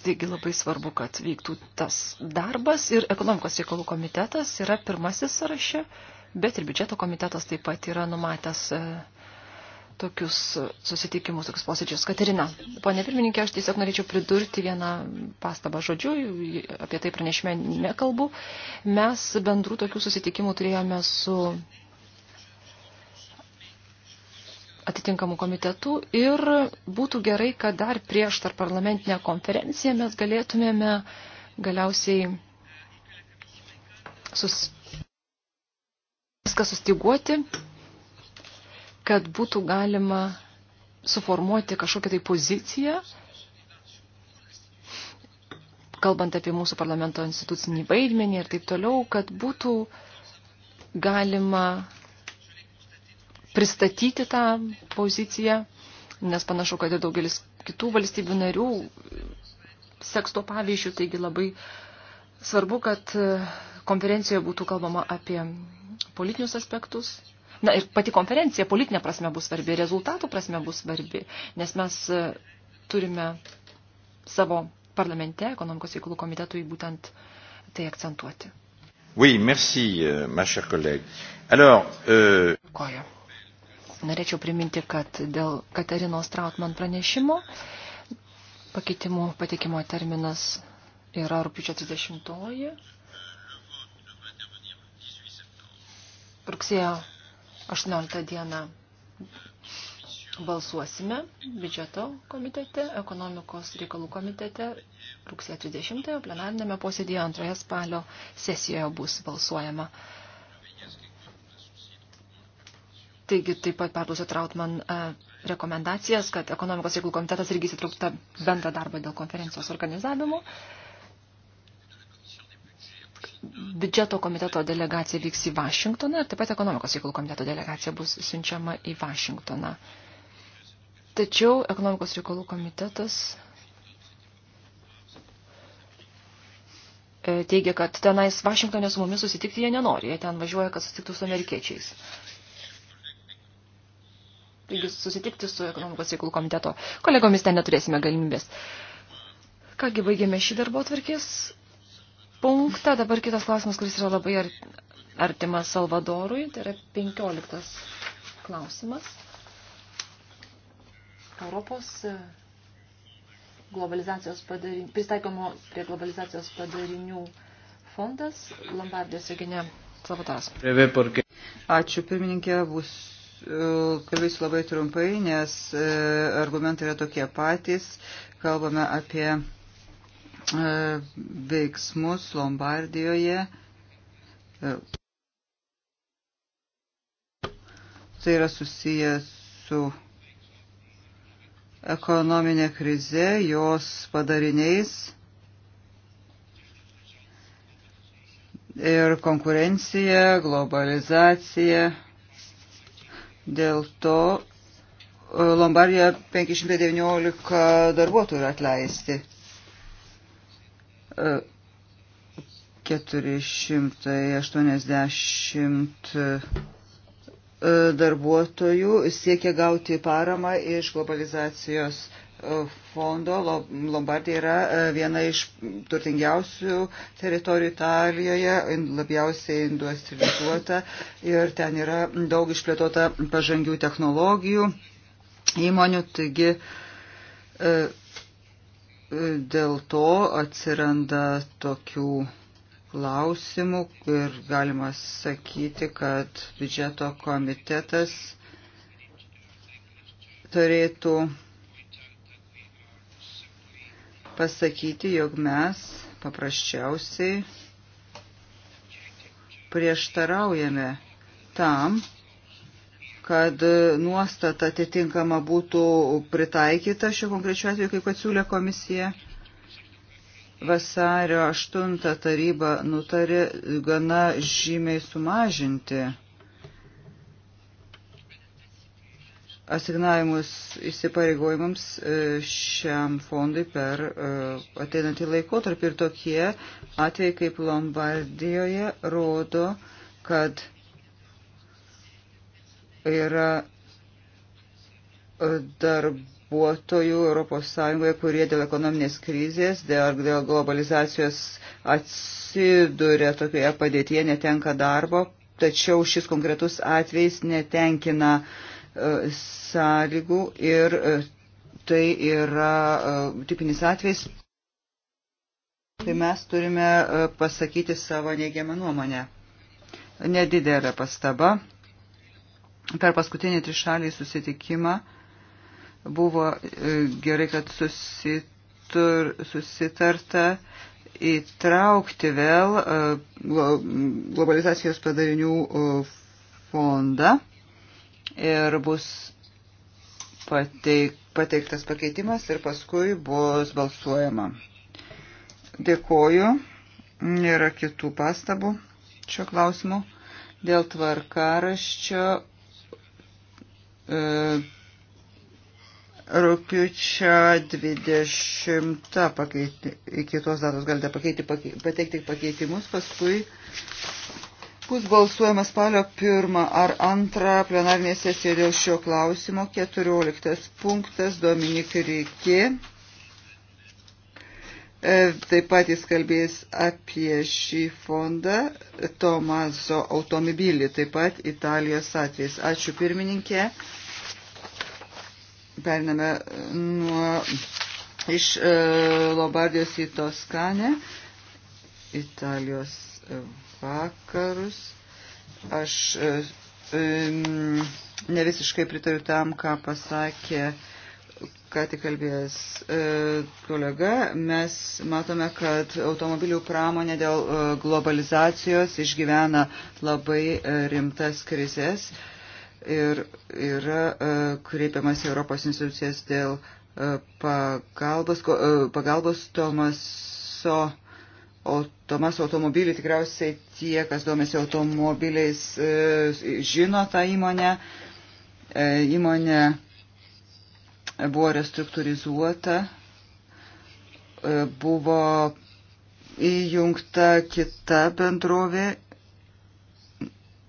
Taigi labai svarbu, kad vyktų tas darbas ir ekonomikos reikalų komitetas yra pirmasis sąraše, bet ir biudžeto komitetas taip pat yra numatęs uh, tokius susitikimus, tokius posėdžius. Katerina, ponė pirmininkė, aš tiesiog norėčiau pridurti vieną pastabą žodžiu, apie tai pranešime nekalbu. Mes bendrų tokių susitikimų turėjome su atitinkamų komitetų ir būtų gerai, kad dar prieš tarp parlamentinę konferenciją mes galėtumėme galiausiai sus... viską sustiguoti kad būtų galima suformuoti kažkokią tai poziciją, kalbant apie mūsų parlamento institucinį vaidmenį ir taip toliau, kad būtų galima pristatyti tą poziciją, nes panašu, kad ir daugelis kitų valstybių narių seks to pavyzdžių, taigi labai svarbu, kad konferencijoje būtų kalbama apie politinius aspektus, Na ir pati konferencija politinė prasme bus svarbi, rezultatų prasme bus svarbi, nes mes e, turime savo parlamente, ekonomikos reikalų komitetui būtent tai akcentuoti. Oui, merci, euh, ma chère collègue. Alors, euh... Koja. Norėčiau priminti, kad dėl Katarinos Trautman pranešimo pakeitimų patikimo terminas yra rūpiučio 30. Rugsėjo 18 dieną balsuosime biudžeto komitete, ekonomikos reikalų komitete rugsėjo 30, plenarinėme posėdėje antroje spalio sesijoje bus balsuojama. Taigi taip pat perduosiu Trautman e, rekomendacijas, kad ekonomikos reikalų komitetas irgi įsitraukta bendrą darbą dėl konferencijos organizavimo biudžeto komiteto delegacija vyks į Vašingtoną ir taip pat ekonomikos reikalų komiteto delegacija bus siunčiama į Vašingtoną. Tačiau ekonomikos reikalų komitetas e, teigia, kad tenais Vašingtonė su mumis susitikti jie nenori, jie ten važiuoja, kad susitiktų su amerikiečiais. Taigi susitikti su ekonomikos reikalų komiteto kolegomis ten neturėsime galimybės. Kągi baigėme šį darbo tvarkės punktą. Dabar kitas klausimas, kuris yra labai artimas Salvadorui, tai yra 15 klausimas. Europos e, globalizacijos padarinių, pristaikomo prie globalizacijos padarinių fondas Lombardijos Eginė Salvataras. Ačiū pirmininkė, bus e, kalbėsiu labai trumpai, nes e, argumentai yra tokie patys. Kalbame apie E, veiksmus Lombardijoje. E, tai yra susijęs su ekonominė krize, jos padariniais ir konkurencija, globalizacija. Dėl to e, Lombardija 519 darbuotojų atleisti. 480 darbuotojų siekia gauti paramą iš globalizacijos fondo. Lombardija yra e, viena iš turtingiausių teritorijų Italijoje, labiausiai industrializuota ir ten yra daug išplėtota pažangių technologijų įmonių. Taigi, e, dėl to atsiranda tokių klausimų ir galima sakyti, kad biudžeto komitetas turėtų pasakyti, jog mes paprasčiausiai prieštaraujame tam, kad nuostata atitinkama būtų pritaikyta šiuo konkrečiu atveju, kaip kad siūlė komisija. Vasario 8 taryba nutarė gana žymiai sumažinti asignavimus įsipareigojimams e, šiam fondui per e, ateinantį laikotarpį ir tokie atvejai kaip Lombardijoje rodo, kad yra e, darbuotojų ES, kurie dėl ekonominės krizės, dėl, dėl globalizacijos atsiduria tokioje padėtyje, netenka darbo, tačiau šis konkretus atvejs netenkina e, sąlygų ir e, tai yra tipinis atvejs. Tai mes turime pasakyti savo neigiamą nuomonę. Nedidelė pastaba. Per paskutinį trišalį susitikimą buvo e, gerai, kad susitur, susitarta įtraukti vėl e, globalizacijos padarinių e, fondą ir bus pateik, pateiktas pakeitimas ir paskui bus balsuojama. Dėkoju. Nėra kitų pastabų šio klausimu. Dėl tvarkaraščio E, rūpiučio 20 pakeiti, iki tos datos galite pakeiti, pakeiti, pateikti pakeitimus, paskui bus balsuojama spalio 1 ar 2 plenarinė sesija dėl šio klausimo. 14 punktas Dominik Rikė. E, taip pat jis kalbės apie šį fondą Tomazo automobilį, taip pat Italijos atvejais. Ačiū pirmininkė periname e, nuo, iš e, Lobardijos į Toskanę, Italijos e, vakarus. Aš e, e, ne visiškai pritariu tam, ką pasakė ką tik kalbėjęs kolega, mes matome, kad automobilių pramonė dėl globalizacijos išgyvena labai rimtas krizės ir yra e, kreipiamas Europos institucijas dėl e, pagalbos, e, pagalbos Tomaso. O Tomas automobilį tikriausiai tie, kas domisi automobiliais, žino tą įmonę. Įmonė buvo restruktūrizuota, buvo įjungta kita bendrovė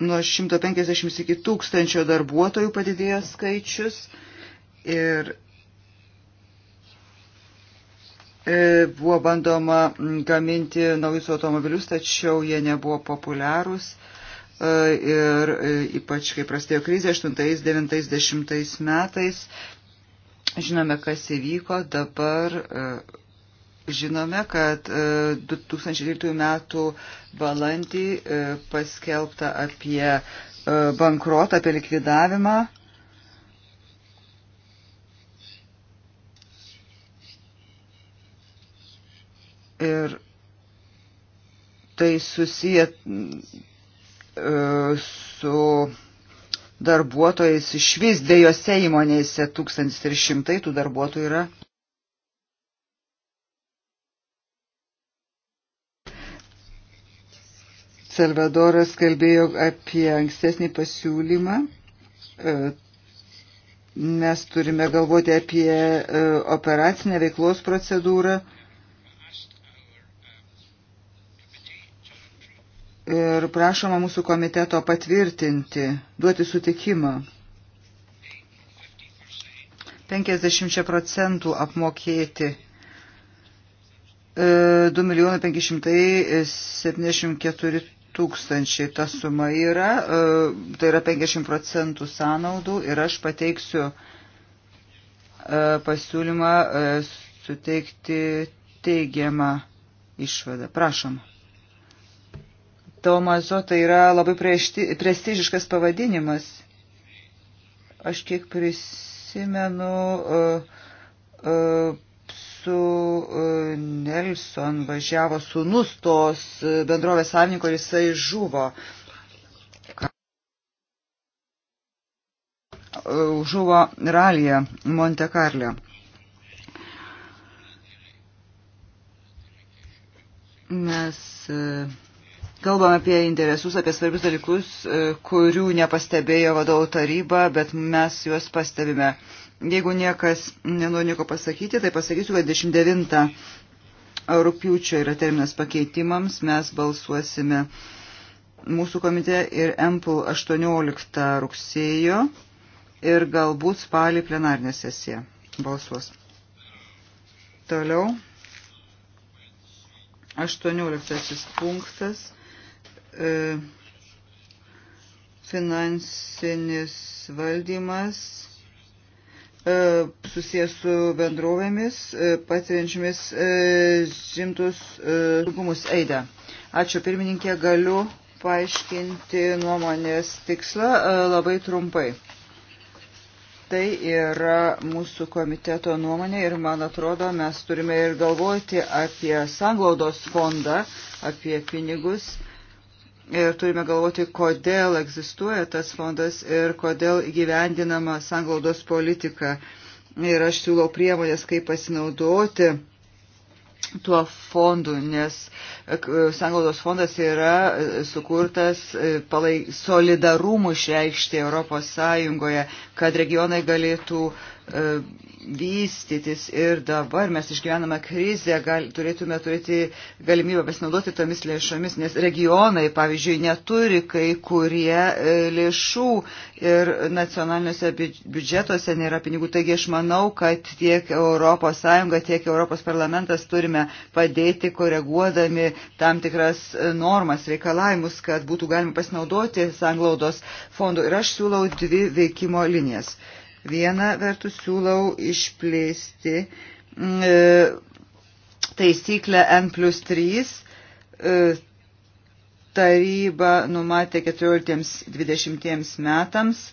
nuo 150 iki 1000 darbuotojų padidėjo skaičius ir e, buvo bandoma gaminti naujus automobilius, tačiau jie nebuvo populiarūs. E, ir e, ypač kai prasidėjo krizė 8-90 metais, žinome, kas įvyko, dabar Žinome, kad 2012 e, metų balandį e, paskelbta apie e, bankrotą, apie likvidavimą. Ir tai susiję su darbuotojais iš vis dviejose įmonėse 1300 tų darbuotojų yra Salvadoras kalbėjo apie ankstesnį pasiūlymą. E, mes turime galvoti apie e, operacinę veiklos procedūrą. Ir prašoma mūsų komiteto patvirtinti, duoti sutikimą 50 procentų apmokėti 2 e, milijonai 574 tūkstančiai ta suma yra, e, tai yra 50 procentų sąnaudų ir aš pateiksiu e, pasiūlymą e, suteikti teigiamą išvadą. Prašom. Tomazo tai yra labai prestižiškas pavadinimas. Aš kiek prisimenu, uh, uh, su e, Nelson važiavo sunus tos e, bendrovės savininko ir jisai žuvo. E, žuvo ralyje Monte Karle. Mes Kalbame apie interesus, apie svarbius dalykus, kurių nepastebėjo vadovų taryba, bet mes juos pastebime. Jeigu niekas nenori nieko pasakyti, tai pasakysiu, kad 29 rūpiučio yra terminas pakeitimams. Mes balsuosime mūsų komitete ir MPL 18 rugsėjo ir galbūt spalį plenarnė sesija balsuos. Toliau. 18 punktas. E, finansinis valdymas E, susijęs su bendrovėmis, e, patiriančiamis šimtus e, sunkumus eidą. Ačiū pirmininkė, galiu paaiškinti nuomonės tikslą labai trumpai. Tai yra mūsų komiteto nuomonė ir man atrodo, mes turime ir galvoti apie sanglaudos fondą, apie pinigus Ir turime galvoti, kodėl egzistuoja tas fondas ir kodėl gyvendinama sanglaudos politika. Ir aš siūlau priemonės, kaip pasinaudoti tuo fondu, nes e, sanglaudos fondas yra e, sukurtas e, solidarumų išreikšti Europos Sąjungoje, kad regionai galėtų E, vystytis ir dabar mes išgyvename krizę, gal, turėtume turėti galimybę pasinaudoti tomis lėšomis, nes regionai, pavyzdžiui, neturi kai kurie e, lėšų ir nacionaliniuose biudžetuose nėra pinigų. Taigi aš manau, kad tiek ES, tiek ES parlamentas turime padėti koreguodami tam tikras e, normas, reikalavimus, kad būtų galima pasinaudoti sanglaudos fondų. Ir aš siūlau dvi veikimo linijas. Uh, Viena vertus siūlau išplėsti mm, e, taisyklę N plus 3. E, taryba numatė 14-20 metams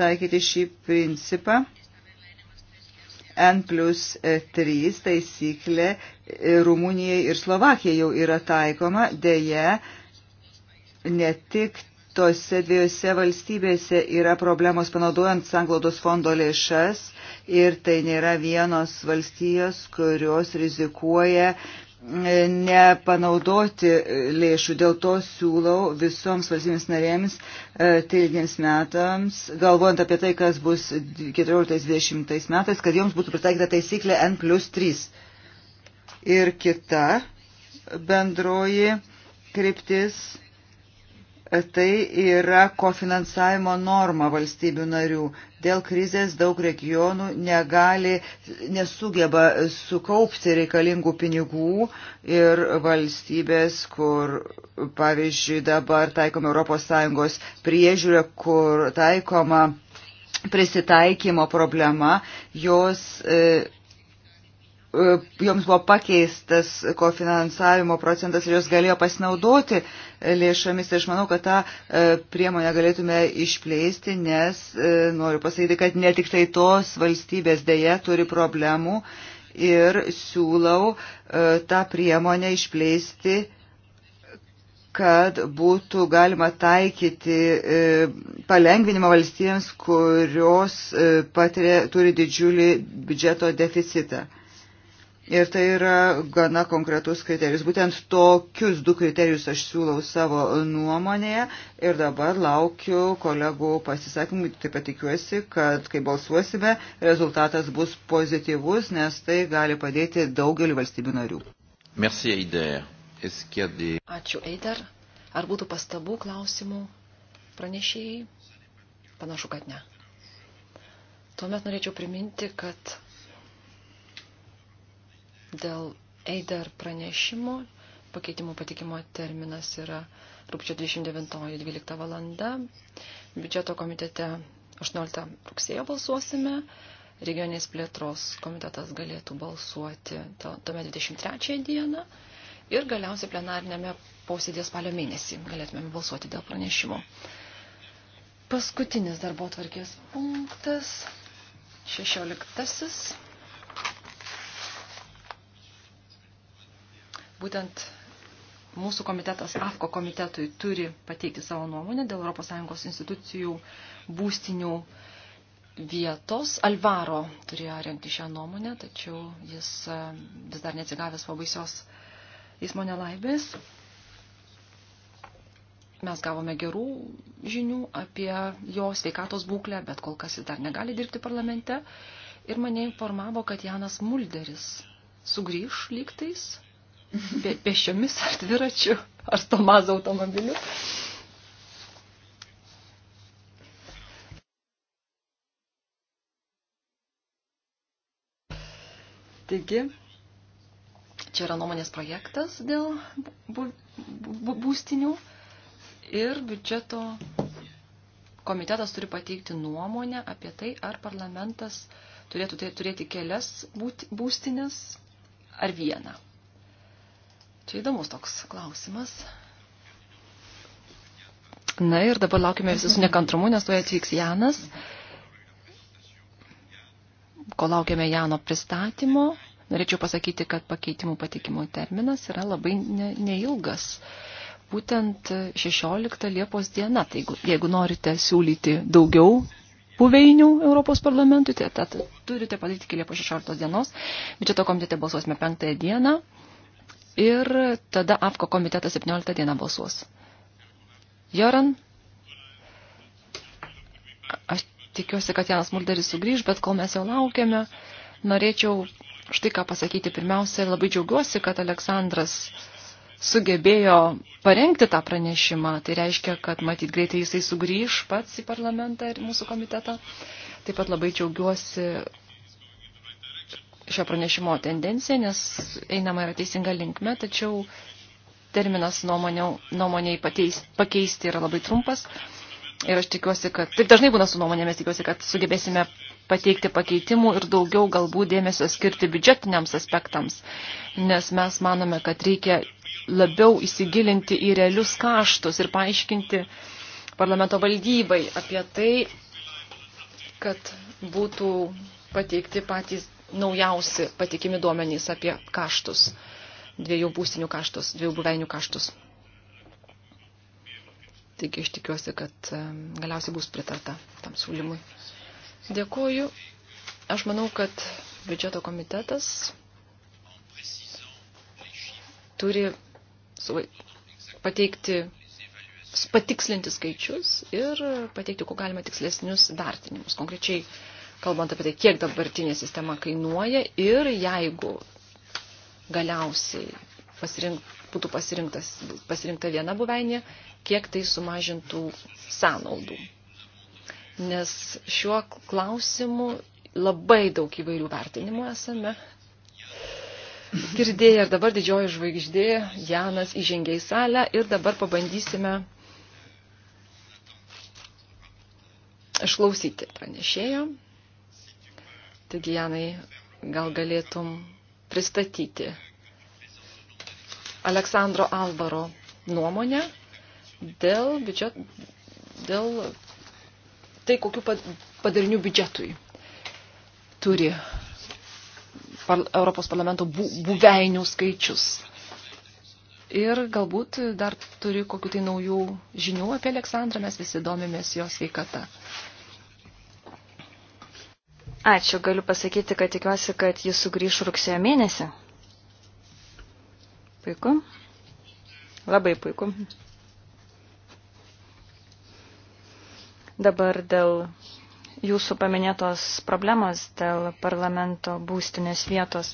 taikyti šį principą. N plus 3 taisyklė e, Rumunijai ir Slovakijai jau yra taikoma, dėje ne tik tose dviejose valstybėse yra problemos panaudojant sanglaudos fondo lėšas ir tai nėra vienos valstijos, kurios rizikuoja e, nepanaudoti lėšų. Dėl to siūlau visoms valstybėms narėms e, trilgiems metams, galvojant apie tai, kas bus 14-20 metais, kad joms būtų pritaikyta taisyklė N plus 3. Ir kita bendroji kryptis tai yra kofinansavimo norma valstybių narių. Dėl krizės daug regionų negali, nesugeba sukaupti reikalingų pinigų ir valstybės, kur, pavyzdžiui, dabar taikoma ES priežiūrė, kur taikoma prisitaikymo problema, jos. E, E, joms buvo pakeistas kofinansavimo procentas ir jos galėjo pasinaudoti lėšomis. Ir tai aš manau, kad tą e, priemonę galėtume išplėsti, nes e, noriu pasakyti, kad ne tik tai tos valstybės dėje turi problemų ir siūlau tą priemonę išplėsti kad būtų galima taikyti palengvinimą valstybėms, kurios patiria, turi didžiulį biudžeto deficitą. Ir tai yra gana konkretus kriterijus. Būtent tokius du kriterijus aš siūlau savo nuomonėje ir dabar laukiu kolegų pasisakymų. Taip pat tikiuosi, kad kai balsuosime, rezultatas bus pozityvus, nes tai gali padėti daugeliu valstybių narių. Merci, Eider. Eskėdė. Ačiū, Eider. Ar būtų pastabų, klausimų pranešėjai? Panašu, kad ne. Tuomet norėčiau priminti, kad Dėl EIDAR pranešimo pakeitimų patikimo terminas yra rūpčio 29.12 valanda. Biudžeto komitete 18 rugsėjo balsuosime. Regionės plėtros komitetas galėtų balsuoti tuomet 23 dieną. Ir galiausiai plenarinėme posėdės spalio mėnesį galėtumėme balsuoti dėl pranešimo. Paskutinis darbo tvarkės punktas, šešioliktasis. Būtent mūsų komitetas, AFKO komitetui, turi pateikti savo nuomonę dėl ES institucijų būstinių vietos. Alvaro turėjo renkti šią nuomonę, tačiau jis e, vis dar neatsigavęs po baisios eismo nelaimės. Mes gavome gerų žinių apie jo sveikatos būklę, bet kol kas jis dar negali dirbti parlamente. Ir mane informavo, kad Janas Mulderis sugrįž lygtais be, pešiomis ar dviračiu, ar Tomazo automobiliu. Taigi, čia yra nuomonės projektas dėl bū, bū, būstinių ir biudžeto komitetas turi pateikti nuomonę apie tai, ar parlamentas turėtų turėti kelias būstinės ar vieną. Čia įdomus toks klausimas. Na ir dabar laukime visi su nekantrumu, nes tuoj atvyks Janas. Ko laukiame Jano pristatymo, norėčiau pasakyti, kad pakeitimų patikimo terminas yra labai ne, neilgas. Būtent 16 Liepos diena, tai jeigu, jeigu norite siūlyti daugiau buveinių Europos parlamentui, tai tad turite padaryti iki Liepos 16 dienos. Biudžeto komitete balsuosime 5 dieną ir tada AFKO komitetas 17 dieną balsuos. Joran, aš tikiuosi, kad Janas Mulderis sugrįž, bet kol mes jo laukiame, norėčiau štai ką pasakyti. Pirmiausia, labai džiaugiuosi, kad Aleksandras sugebėjo parengti tą pranešimą. Tai reiškia, kad matyt greitai jisai sugrįž pats į parlamentą ir mūsų komitetą. Taip pat labai džiaugiuosi, šio pranešimo tendencija, nes einama yra teisinga linkme, tačiau terminas nuomonio, nuomoniai pateis, pakeisti yra labai trumpas. Ir aš tikiuosi, kad, taip dažnai būna su nuomonėmis, tikiuosi, kad sugebėsime pateikti pakeitimų ir daugiau galbūt dėmesio skirti biudžetiniams aspektams, nes mes manome, kad reikia labiau įsigilinti į realius kaštus ir paaiškinti parlamento valdybai apie tai, kad būtų pateikti patys naujausi patikimi duomenys apie kaštus, dviejų būstinių kaštus, dviejų buveinių kaštus. Taigi aš tikiuosi, kad galiausiai bus pritarta tam siūlymui. Dėkuoju. Aš manau, kad biudžeto komitetas turi pateikti, patikslinti skaičius ir pateikti, kuo galima tikslesnius vertinimus, konkrečiai kalbant apie tai, kiek dabartinė sistema kainuoja ir jeigu galiausiai pasirink, būtų pasirinkta viena buveinė, kiek tai sumažintų sąnaudų. Nes šiuo klausimu labai daug įvairių vertinimų esame. Girdėję ir dabar didžioji žvaigždė, Janas įžengė į salę ir dabar pabandysime išklausyti pranešėjo Taigi, Janai, gal galėtum pristatyti Aleksandro Alvaro nuomonę dėl biudžet, dėl tai, kokiu padarinių biudžetui turi par, Europos parlamento bu, buveinių skaičius. Ir galbūt dar turi kokiu tai naujų žinių apie Aleksandrą, mes visi domimės jo sveikata. Ačiū, galiu pasakyti, kad tikiuosi, kad jis sugrįš rugsėjo mėnesį. Puiku. Labai puiku. Dabar dėl jūsų paminėtos problemos, dėl parlamento būstinės vietos.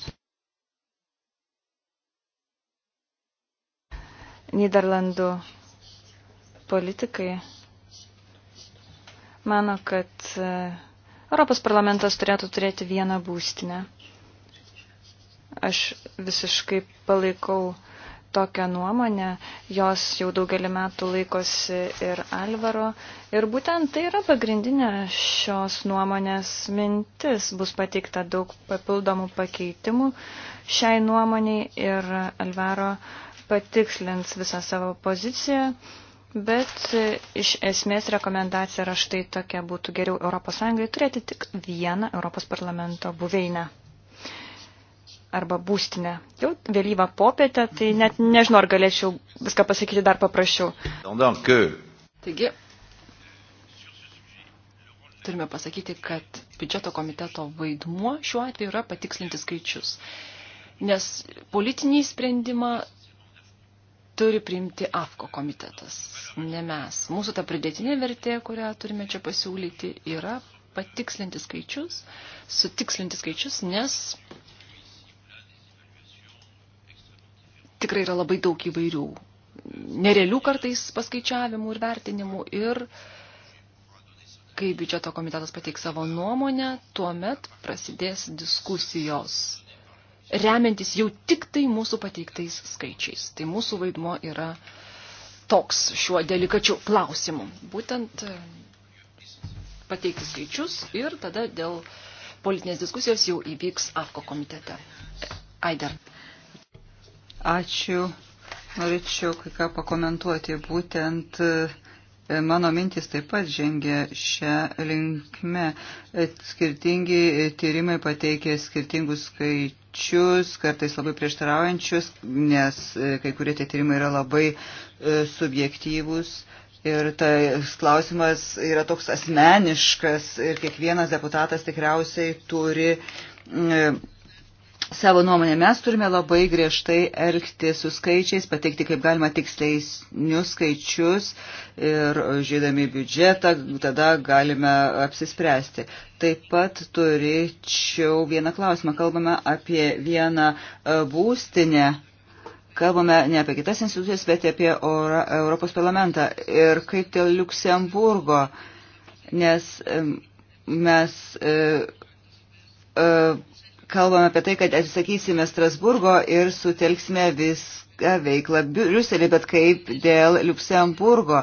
Niderlandų politikai mano, kad Europos parlamentas turėtų turėti vieną būstinę. Aš visiškai palaikau tokią nuomonę, jos jau daugelį metų laikosi ir Alvaro. Ir būtent tai yra pagrindinė šios nuomonės mintis. Bus pateikta daug papildomų pakeitimų šiai nuomoniai ir Alvaro patikslins visą savo poziciją. Bet e, iš esmės rekomendacija yra štai tokia, būtų geriau ES turėti tik vieną Europos parlamento buveinę arba būstinę. Jau vėlyvą popietę, tai net nežinau, ar galėčiau viską pasakyti dar paprasčiau. Taigi, turime pasakyti, kad biudžeto komiteto vaidmuo šiuo atveju yra patikslinti skaičius. Nes politinį sprendimą turi priimti AFKO komitetas, ne mes. Mūsų ta pridėtinė vertė, kurią turime čia pasiūlyti, yra patikslinti skaičius, sutikslinti skaičius, nes tikrai yra labai daug įvairių nerealių kartais paskaičiavimų ir vertinimų ir kai biudžeto komitetas pateiks savo nuomonę, tuomet prasidės diskusijos remiantis jau tik tai mūsų pateiktais skaičiais. Tai mūsų vaidmo yra toks šiuo delikačiu klausimu. Būtent e, pateikti skaičius ir tada dėl politinės diskusijos jau įvyks AFKO komitete. Aider. Ačiū. Norėčiau kai ką pakomentuoti. Būtent e, mano mintis taip pat žengia šią linkme. Skirtingi tyrimai pateikė skirtingus skaičius konkrečius, kartais labai prieštaraujančius, nes e, kai kurie tie tyrimai yra labai e, subjektyvūs. Ir tai klausimas yra toks asmeniškas ir kiekvienas deputatas tikriausiai turi savo nuomonę mes turime labai griežtai elgti su skaičiais, pateikti kaip galima tiksliaisnius skaičius ir žydami biudžetą, tada galime apsispręsti. Taip pat turėčiau vieną klausimą. Kalbame apie vieną e, būstinę. Kalbame ne apie kitas institucijas, bet apie Ora, Europos parlamentą. Ir kaip dėl Luksemburgo, nes mes. E, e, kalbame apie tai, kad atsisakysime Strasburgo ir sutelksime viską veiklą Briuselį, bet kaip dėl Luksemburgo,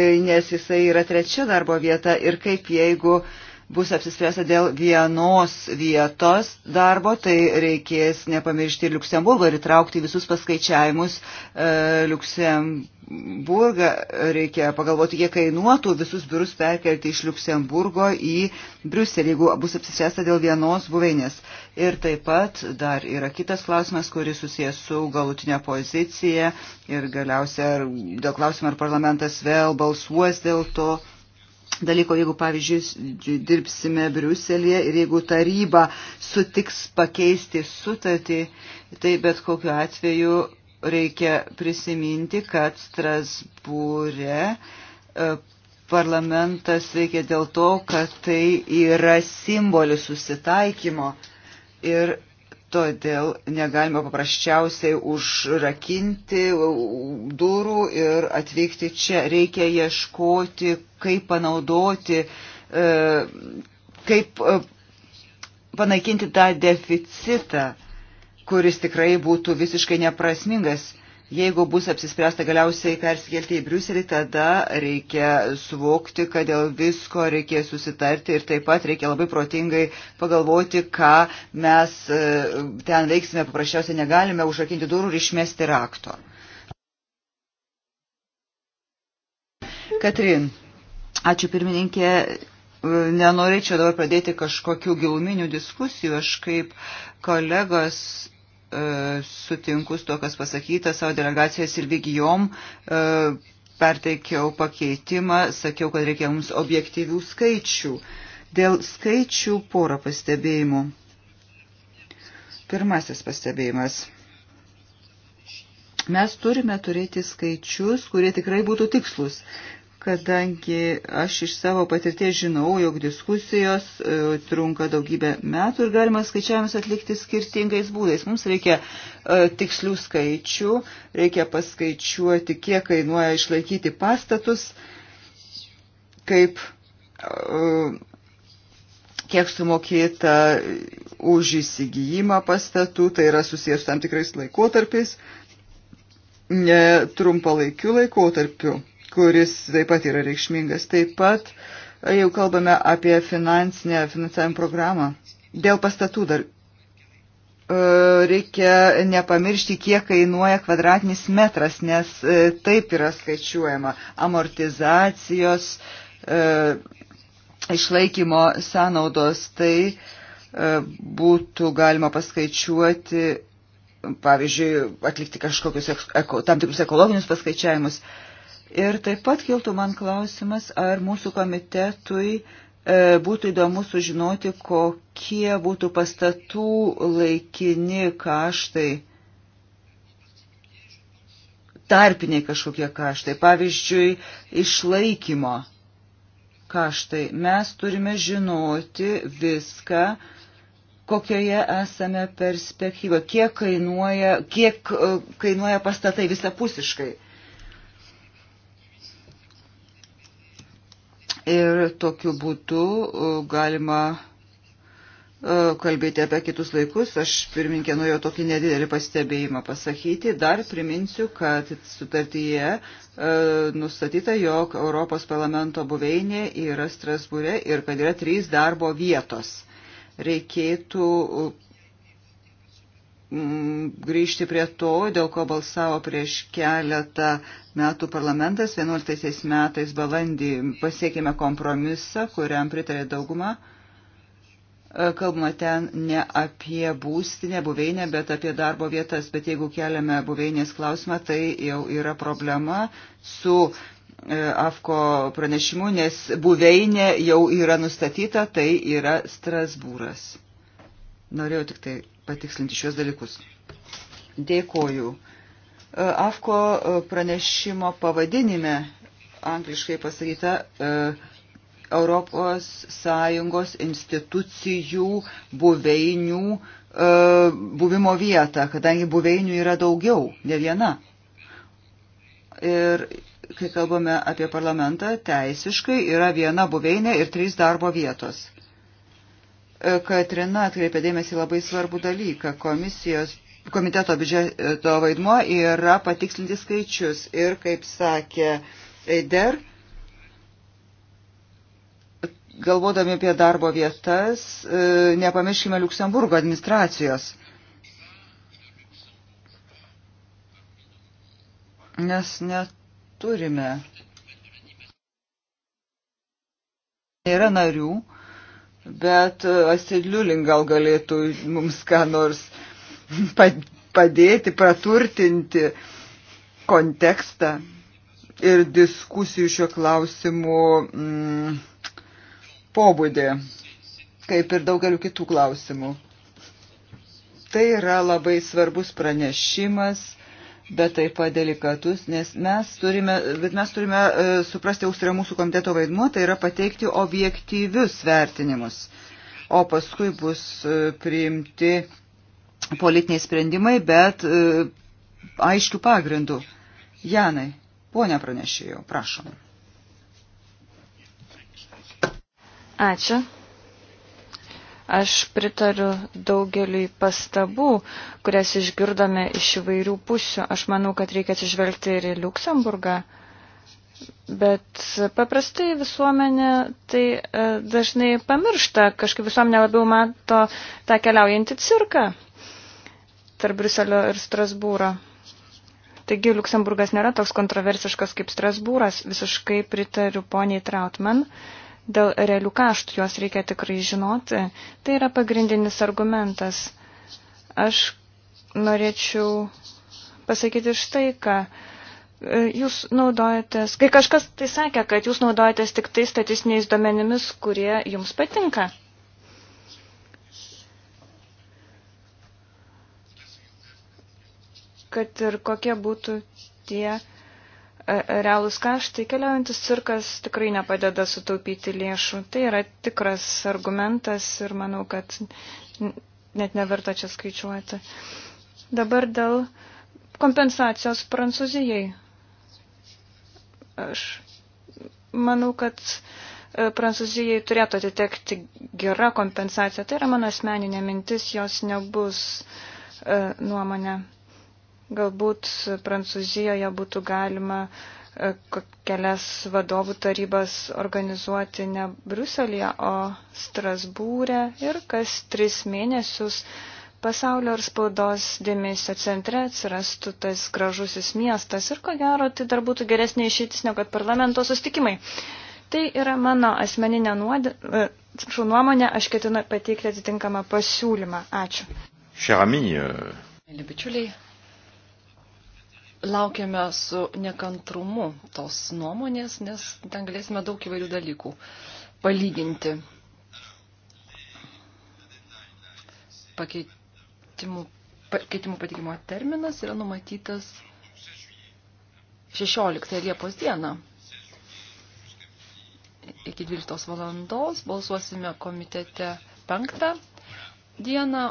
e, nes jisai yra trečia darbo vieta ir kaip jeigu uh, bus apsispręsta dėl vienos vietos darbo, tai reikės nepamiršti ir Luksemburgo ir įtraukti visus paskaičiavimus e, Luksemburgą. Reikia pagalvoti, kiek kainuotų visus biurus perkelti iš Luksemburgo į Briuselį, jeigu bus apsispręsta dėl vienos buveinės. Ir taip pat dar yra kitas klausimas, kuris susijęs su galutinė pozicija ir galiausia dėl klausimo, ar parlamentas vėl balsuos dėl to dalyko, jeigu, pavyzdžiui, dirbsime Briuselėje ir jeigu taryba sutiks pakeisti sutartį, tai bet kokiu atveju reikia prisiminti, kad Strasbūre e, parlamentas veikia dėl to, kad tai yra simbolis susitaikymo. Ir Todėl negalima paprasčiausiai užrakinti durų ir atvykti čia. Reikia ieškoti, kaip panaudoti, e, kaip e, panaikinti tą deficitą, kuris tikrai būtų visiškai neprasmingas Jeigu bus apsispręsta galiausiai persikelti į Briuselį, tada reikia suvokti, kad dėl visko reikės susitarti ir taip pat reikia labai protingai pagalvoti, ką mes e, ten veiksime. Paprasčiausiai negalime užrakinti durų ir išmesti rakto. Katrin, ačiū pirmininkė. E, nenorėčiau dabar pradėti kažkokių giluminių diskusijų. Aš kaip kolegos E, sutinku su to, kas pasakyta savo delegacijas ir Vigijom. E, perteikiau pakeitimą, sakiau, kad reikia mums objektyvių skaičių. Dėl skaičių porą pastebėjimų. Pirmasis pastebėjimas. Mes turime turėti skaičius, kurie tikrai būtų tikslus kadangi aš iš savo patirties žinau, jog diskusijos e, trunka daugybę metų ir galima skaičiavimus atlikti skirtingais būdais. Mums reikia e, tikslių skaičių, reikia paskaičiuoti, kiek kainuoja išlaikyti pastatus, kaip, e, kiek sumokėta už įsigijimą pastatų, tai yra susijęs su tam tikrais laikotarpiais, trumpalaikiu laikotarpiu. laikotarpiu kuris taip pat yra reikšmingas. Taip pat jau kalbame apie finansinę finansavimo programą. Dėl pastatų dar reikia nepamiršti, kiek kainuoja kvadratinis metras, nes taip yra skaičiuojama amortizacijos, išlaikymo sąnaudos, tai būtų galima paskaičiuoti, pavyzdžiui, atlikti kažkokius tam tikrus ekologinius paskaičiavimus. Ir taip pat kiltų man klausimas, ar mūsų komitetui e, būtų įdomu sužinoti, kokie būtų pastatų laikini kaštai, tarpiniai kažkokie kaštai, pavyzdžiui, išlaikymo kaštai. Mes turime žinoti viską, kokioje esame perspektyvoje, kiek kainuoja, kiek e, kainuoja pastatai visapusiškai. Ir tokiu būdu e, galima e, kalbėti apie kitus laikus. Aš pirminkė norėjau tokį nedidelį pastebėjimą pasakyti. Dar priminsiu, kad sutartyje e, nustatyta, jog Europos parlamento buveinė yra Strasbūre ir kad yra trys darbo vietos. Reikėtų Mm, grįžti prie to, dėl ko balsavo prieš keletą metų parlamentas. 11 metais balandį pasiekėme kompromisą, kuriam pritarė dauguma. E, kalbama ten ne apie būstinę, buveinę, bet apie darbo vietas. Bet jeigu keliame buveinės klausimą, tai jau yra problema su e, AFKO pranešimu, nes buveinė jau yra nustatyta, tai yra Strasbūras. Norėjau tik tai patikslinti šios dalykus. Dėkoju. E, AFKO e, pranešimo pavadinime angliškai pasakyta e, Europos Sąjungos institucijų buveinių buvimo vietą, kadangi buveinių yra daugiau, ne viena. Ir kai kalbame apie parlamentą, teisiškai yra viena buveinė ir trys darbo vietos. Katrina atkreipė dėmesį labai svarbų dalyką. Komisijos komiteto biudžeto vaidmuo yra patikslinti skaičius ir, kaip sakė Eider, galvodami apie darbo vietas, e, nepamirškime Luksemburgo administracijos. Nes neturime. Nėra narių, bet e, Asiliulin gal galėtų mums ką nors [laughs] padėti, praturtinti kontekstą ir diskusijų šio klausimu mm, pobūdį, kaip ir daugeliu kitų klausimų. Tai yra labai svarbus pranešimas bet taip pat delikatus, nes mes turime, bet mes turime e, suprasti, koks yra mūsų komiteto vaidmuo, tai yra pateikti objektyvius vertinimus, o paskui bus e, priimti politiniai sprendimai, bet e, aiškių pagrindų. Janai, ponia pranešėjau, prašom. Ačiū. Aš pritariu daugeliui pastabų, kurias išgirdome iš įvairių pusių. Aš manau, kad reikia atsižvelgti ir į Luksemburgą. Bet paprastai visuomenė tai e, dažnai pamiršta, kažkaip visuomenė labiau mato tą keliaujantį cirką tarp Briuselio ir Strasbūro. Taigi Luksemburgas nėra toks kontroversiškas kaip Strasbūras, visiškai pritariu poniai Trautman. Uh, Dėl realių kaštų juos reikia tikrai žinoti. Tai yra pagrindinis argumentas. Aš norėčiau pasakyti štai ką. E, jūs naudojatės, kai kažkas tai sakė, kad jūs naudojatės tik tai statistiniais duomenimis, kurie jums patinka. Kad ir kokie būtų tie realūs kaštai, keliaujantis cirkas tikrai nepadeda sutaupyti lėšų. Tai yra tikras argumentas ir manau, kad net neverta čia skaičiuoti. Dabar dėl kompensacijos Prancūzijai. Aš manau, kad e, Prancūzijai turėtų atitekti gera kompensacija. Tai yra mano asmeninė mintis, jos nebus e, nuomonė. Galbūt Prancūzijoje būtų galima e, kelias vadovų tarybas organizuoti ne Bruselėje, o Strasbūrė ir kas tris mėnesius pasaulio ir spaudos dėmesio centre atsirastų tas gražusis miestas ir ko gero tai dar būtų geresnė išeitis negu kad parlamento sustikimai. Tai yra mano asmeninė nuodė, e, atsiprašau, nuomonė, aš ketinu pateikti atitinkamą pasiūlymą. Ačiū. Šerami. Euh, bičiuliai, laukiame su nekantrumu tos nuomonės, nes ten galėsime daug įvairių dalykų palyginti. Pakeitimų, pakeitimų patikimo terminas yra numatytas 16 Liepos dieną. Iki 12 valandos balsuosime komitete 5 dieną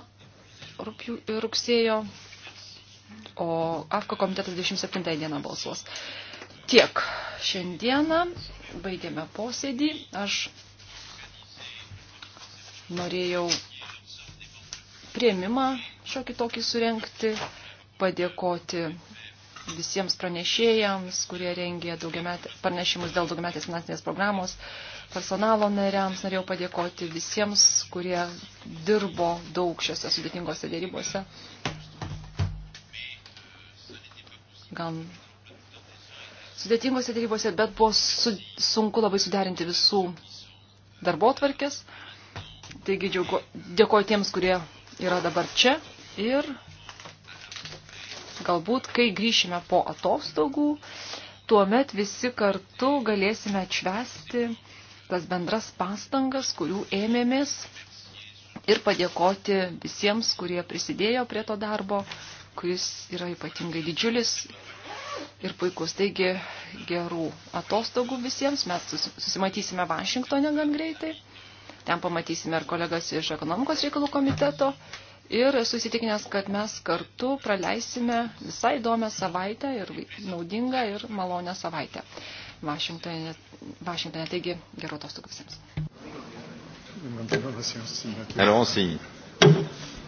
rūpjų, rugsėjo o AFKO komitetas 27 dieną balsuos. Tiek. Šiandieną baigėme posėdį. Aš norėjau prieimimą šiokį tokį surenkti, padėkoti visiems pranešėjams, kurie rengė pranešimus dėl daugiametės finansinės programos, personalo nariams. Norėjau padėkoti visiems, kurie dirbo daug šiose sudėtingose dėrybose gan sudėtingose dėrybose, bet buvo su, sunku labai suderinti visų darbo tvarkės. Taigi džiaugu, dėkoju tiems, kurie yra dabar čia ir galbūt, kai grįšime po atostogų, tuomet visi kartu galėsime atšvesti tas bendras pastangas, kurių ėmėmės ir padėkoti visiems, kurie prisidėjo prie to darbo kuris yra ypatingai didžiulis ir puikus. Taigi gerų atostogų visiems. Mes susimatysime Vašingtonė gan greitai. Ten pamatysime ir kolegas iš ekonomikos reikalų komiteto. Ir susitikinęs, kad mes kartu praleisime visai įdomią savaitę ir naudingą ir malonę savaitę. Vašingtonė, Vašingtonė taigi gerų atostogų visiems. Alors on signe.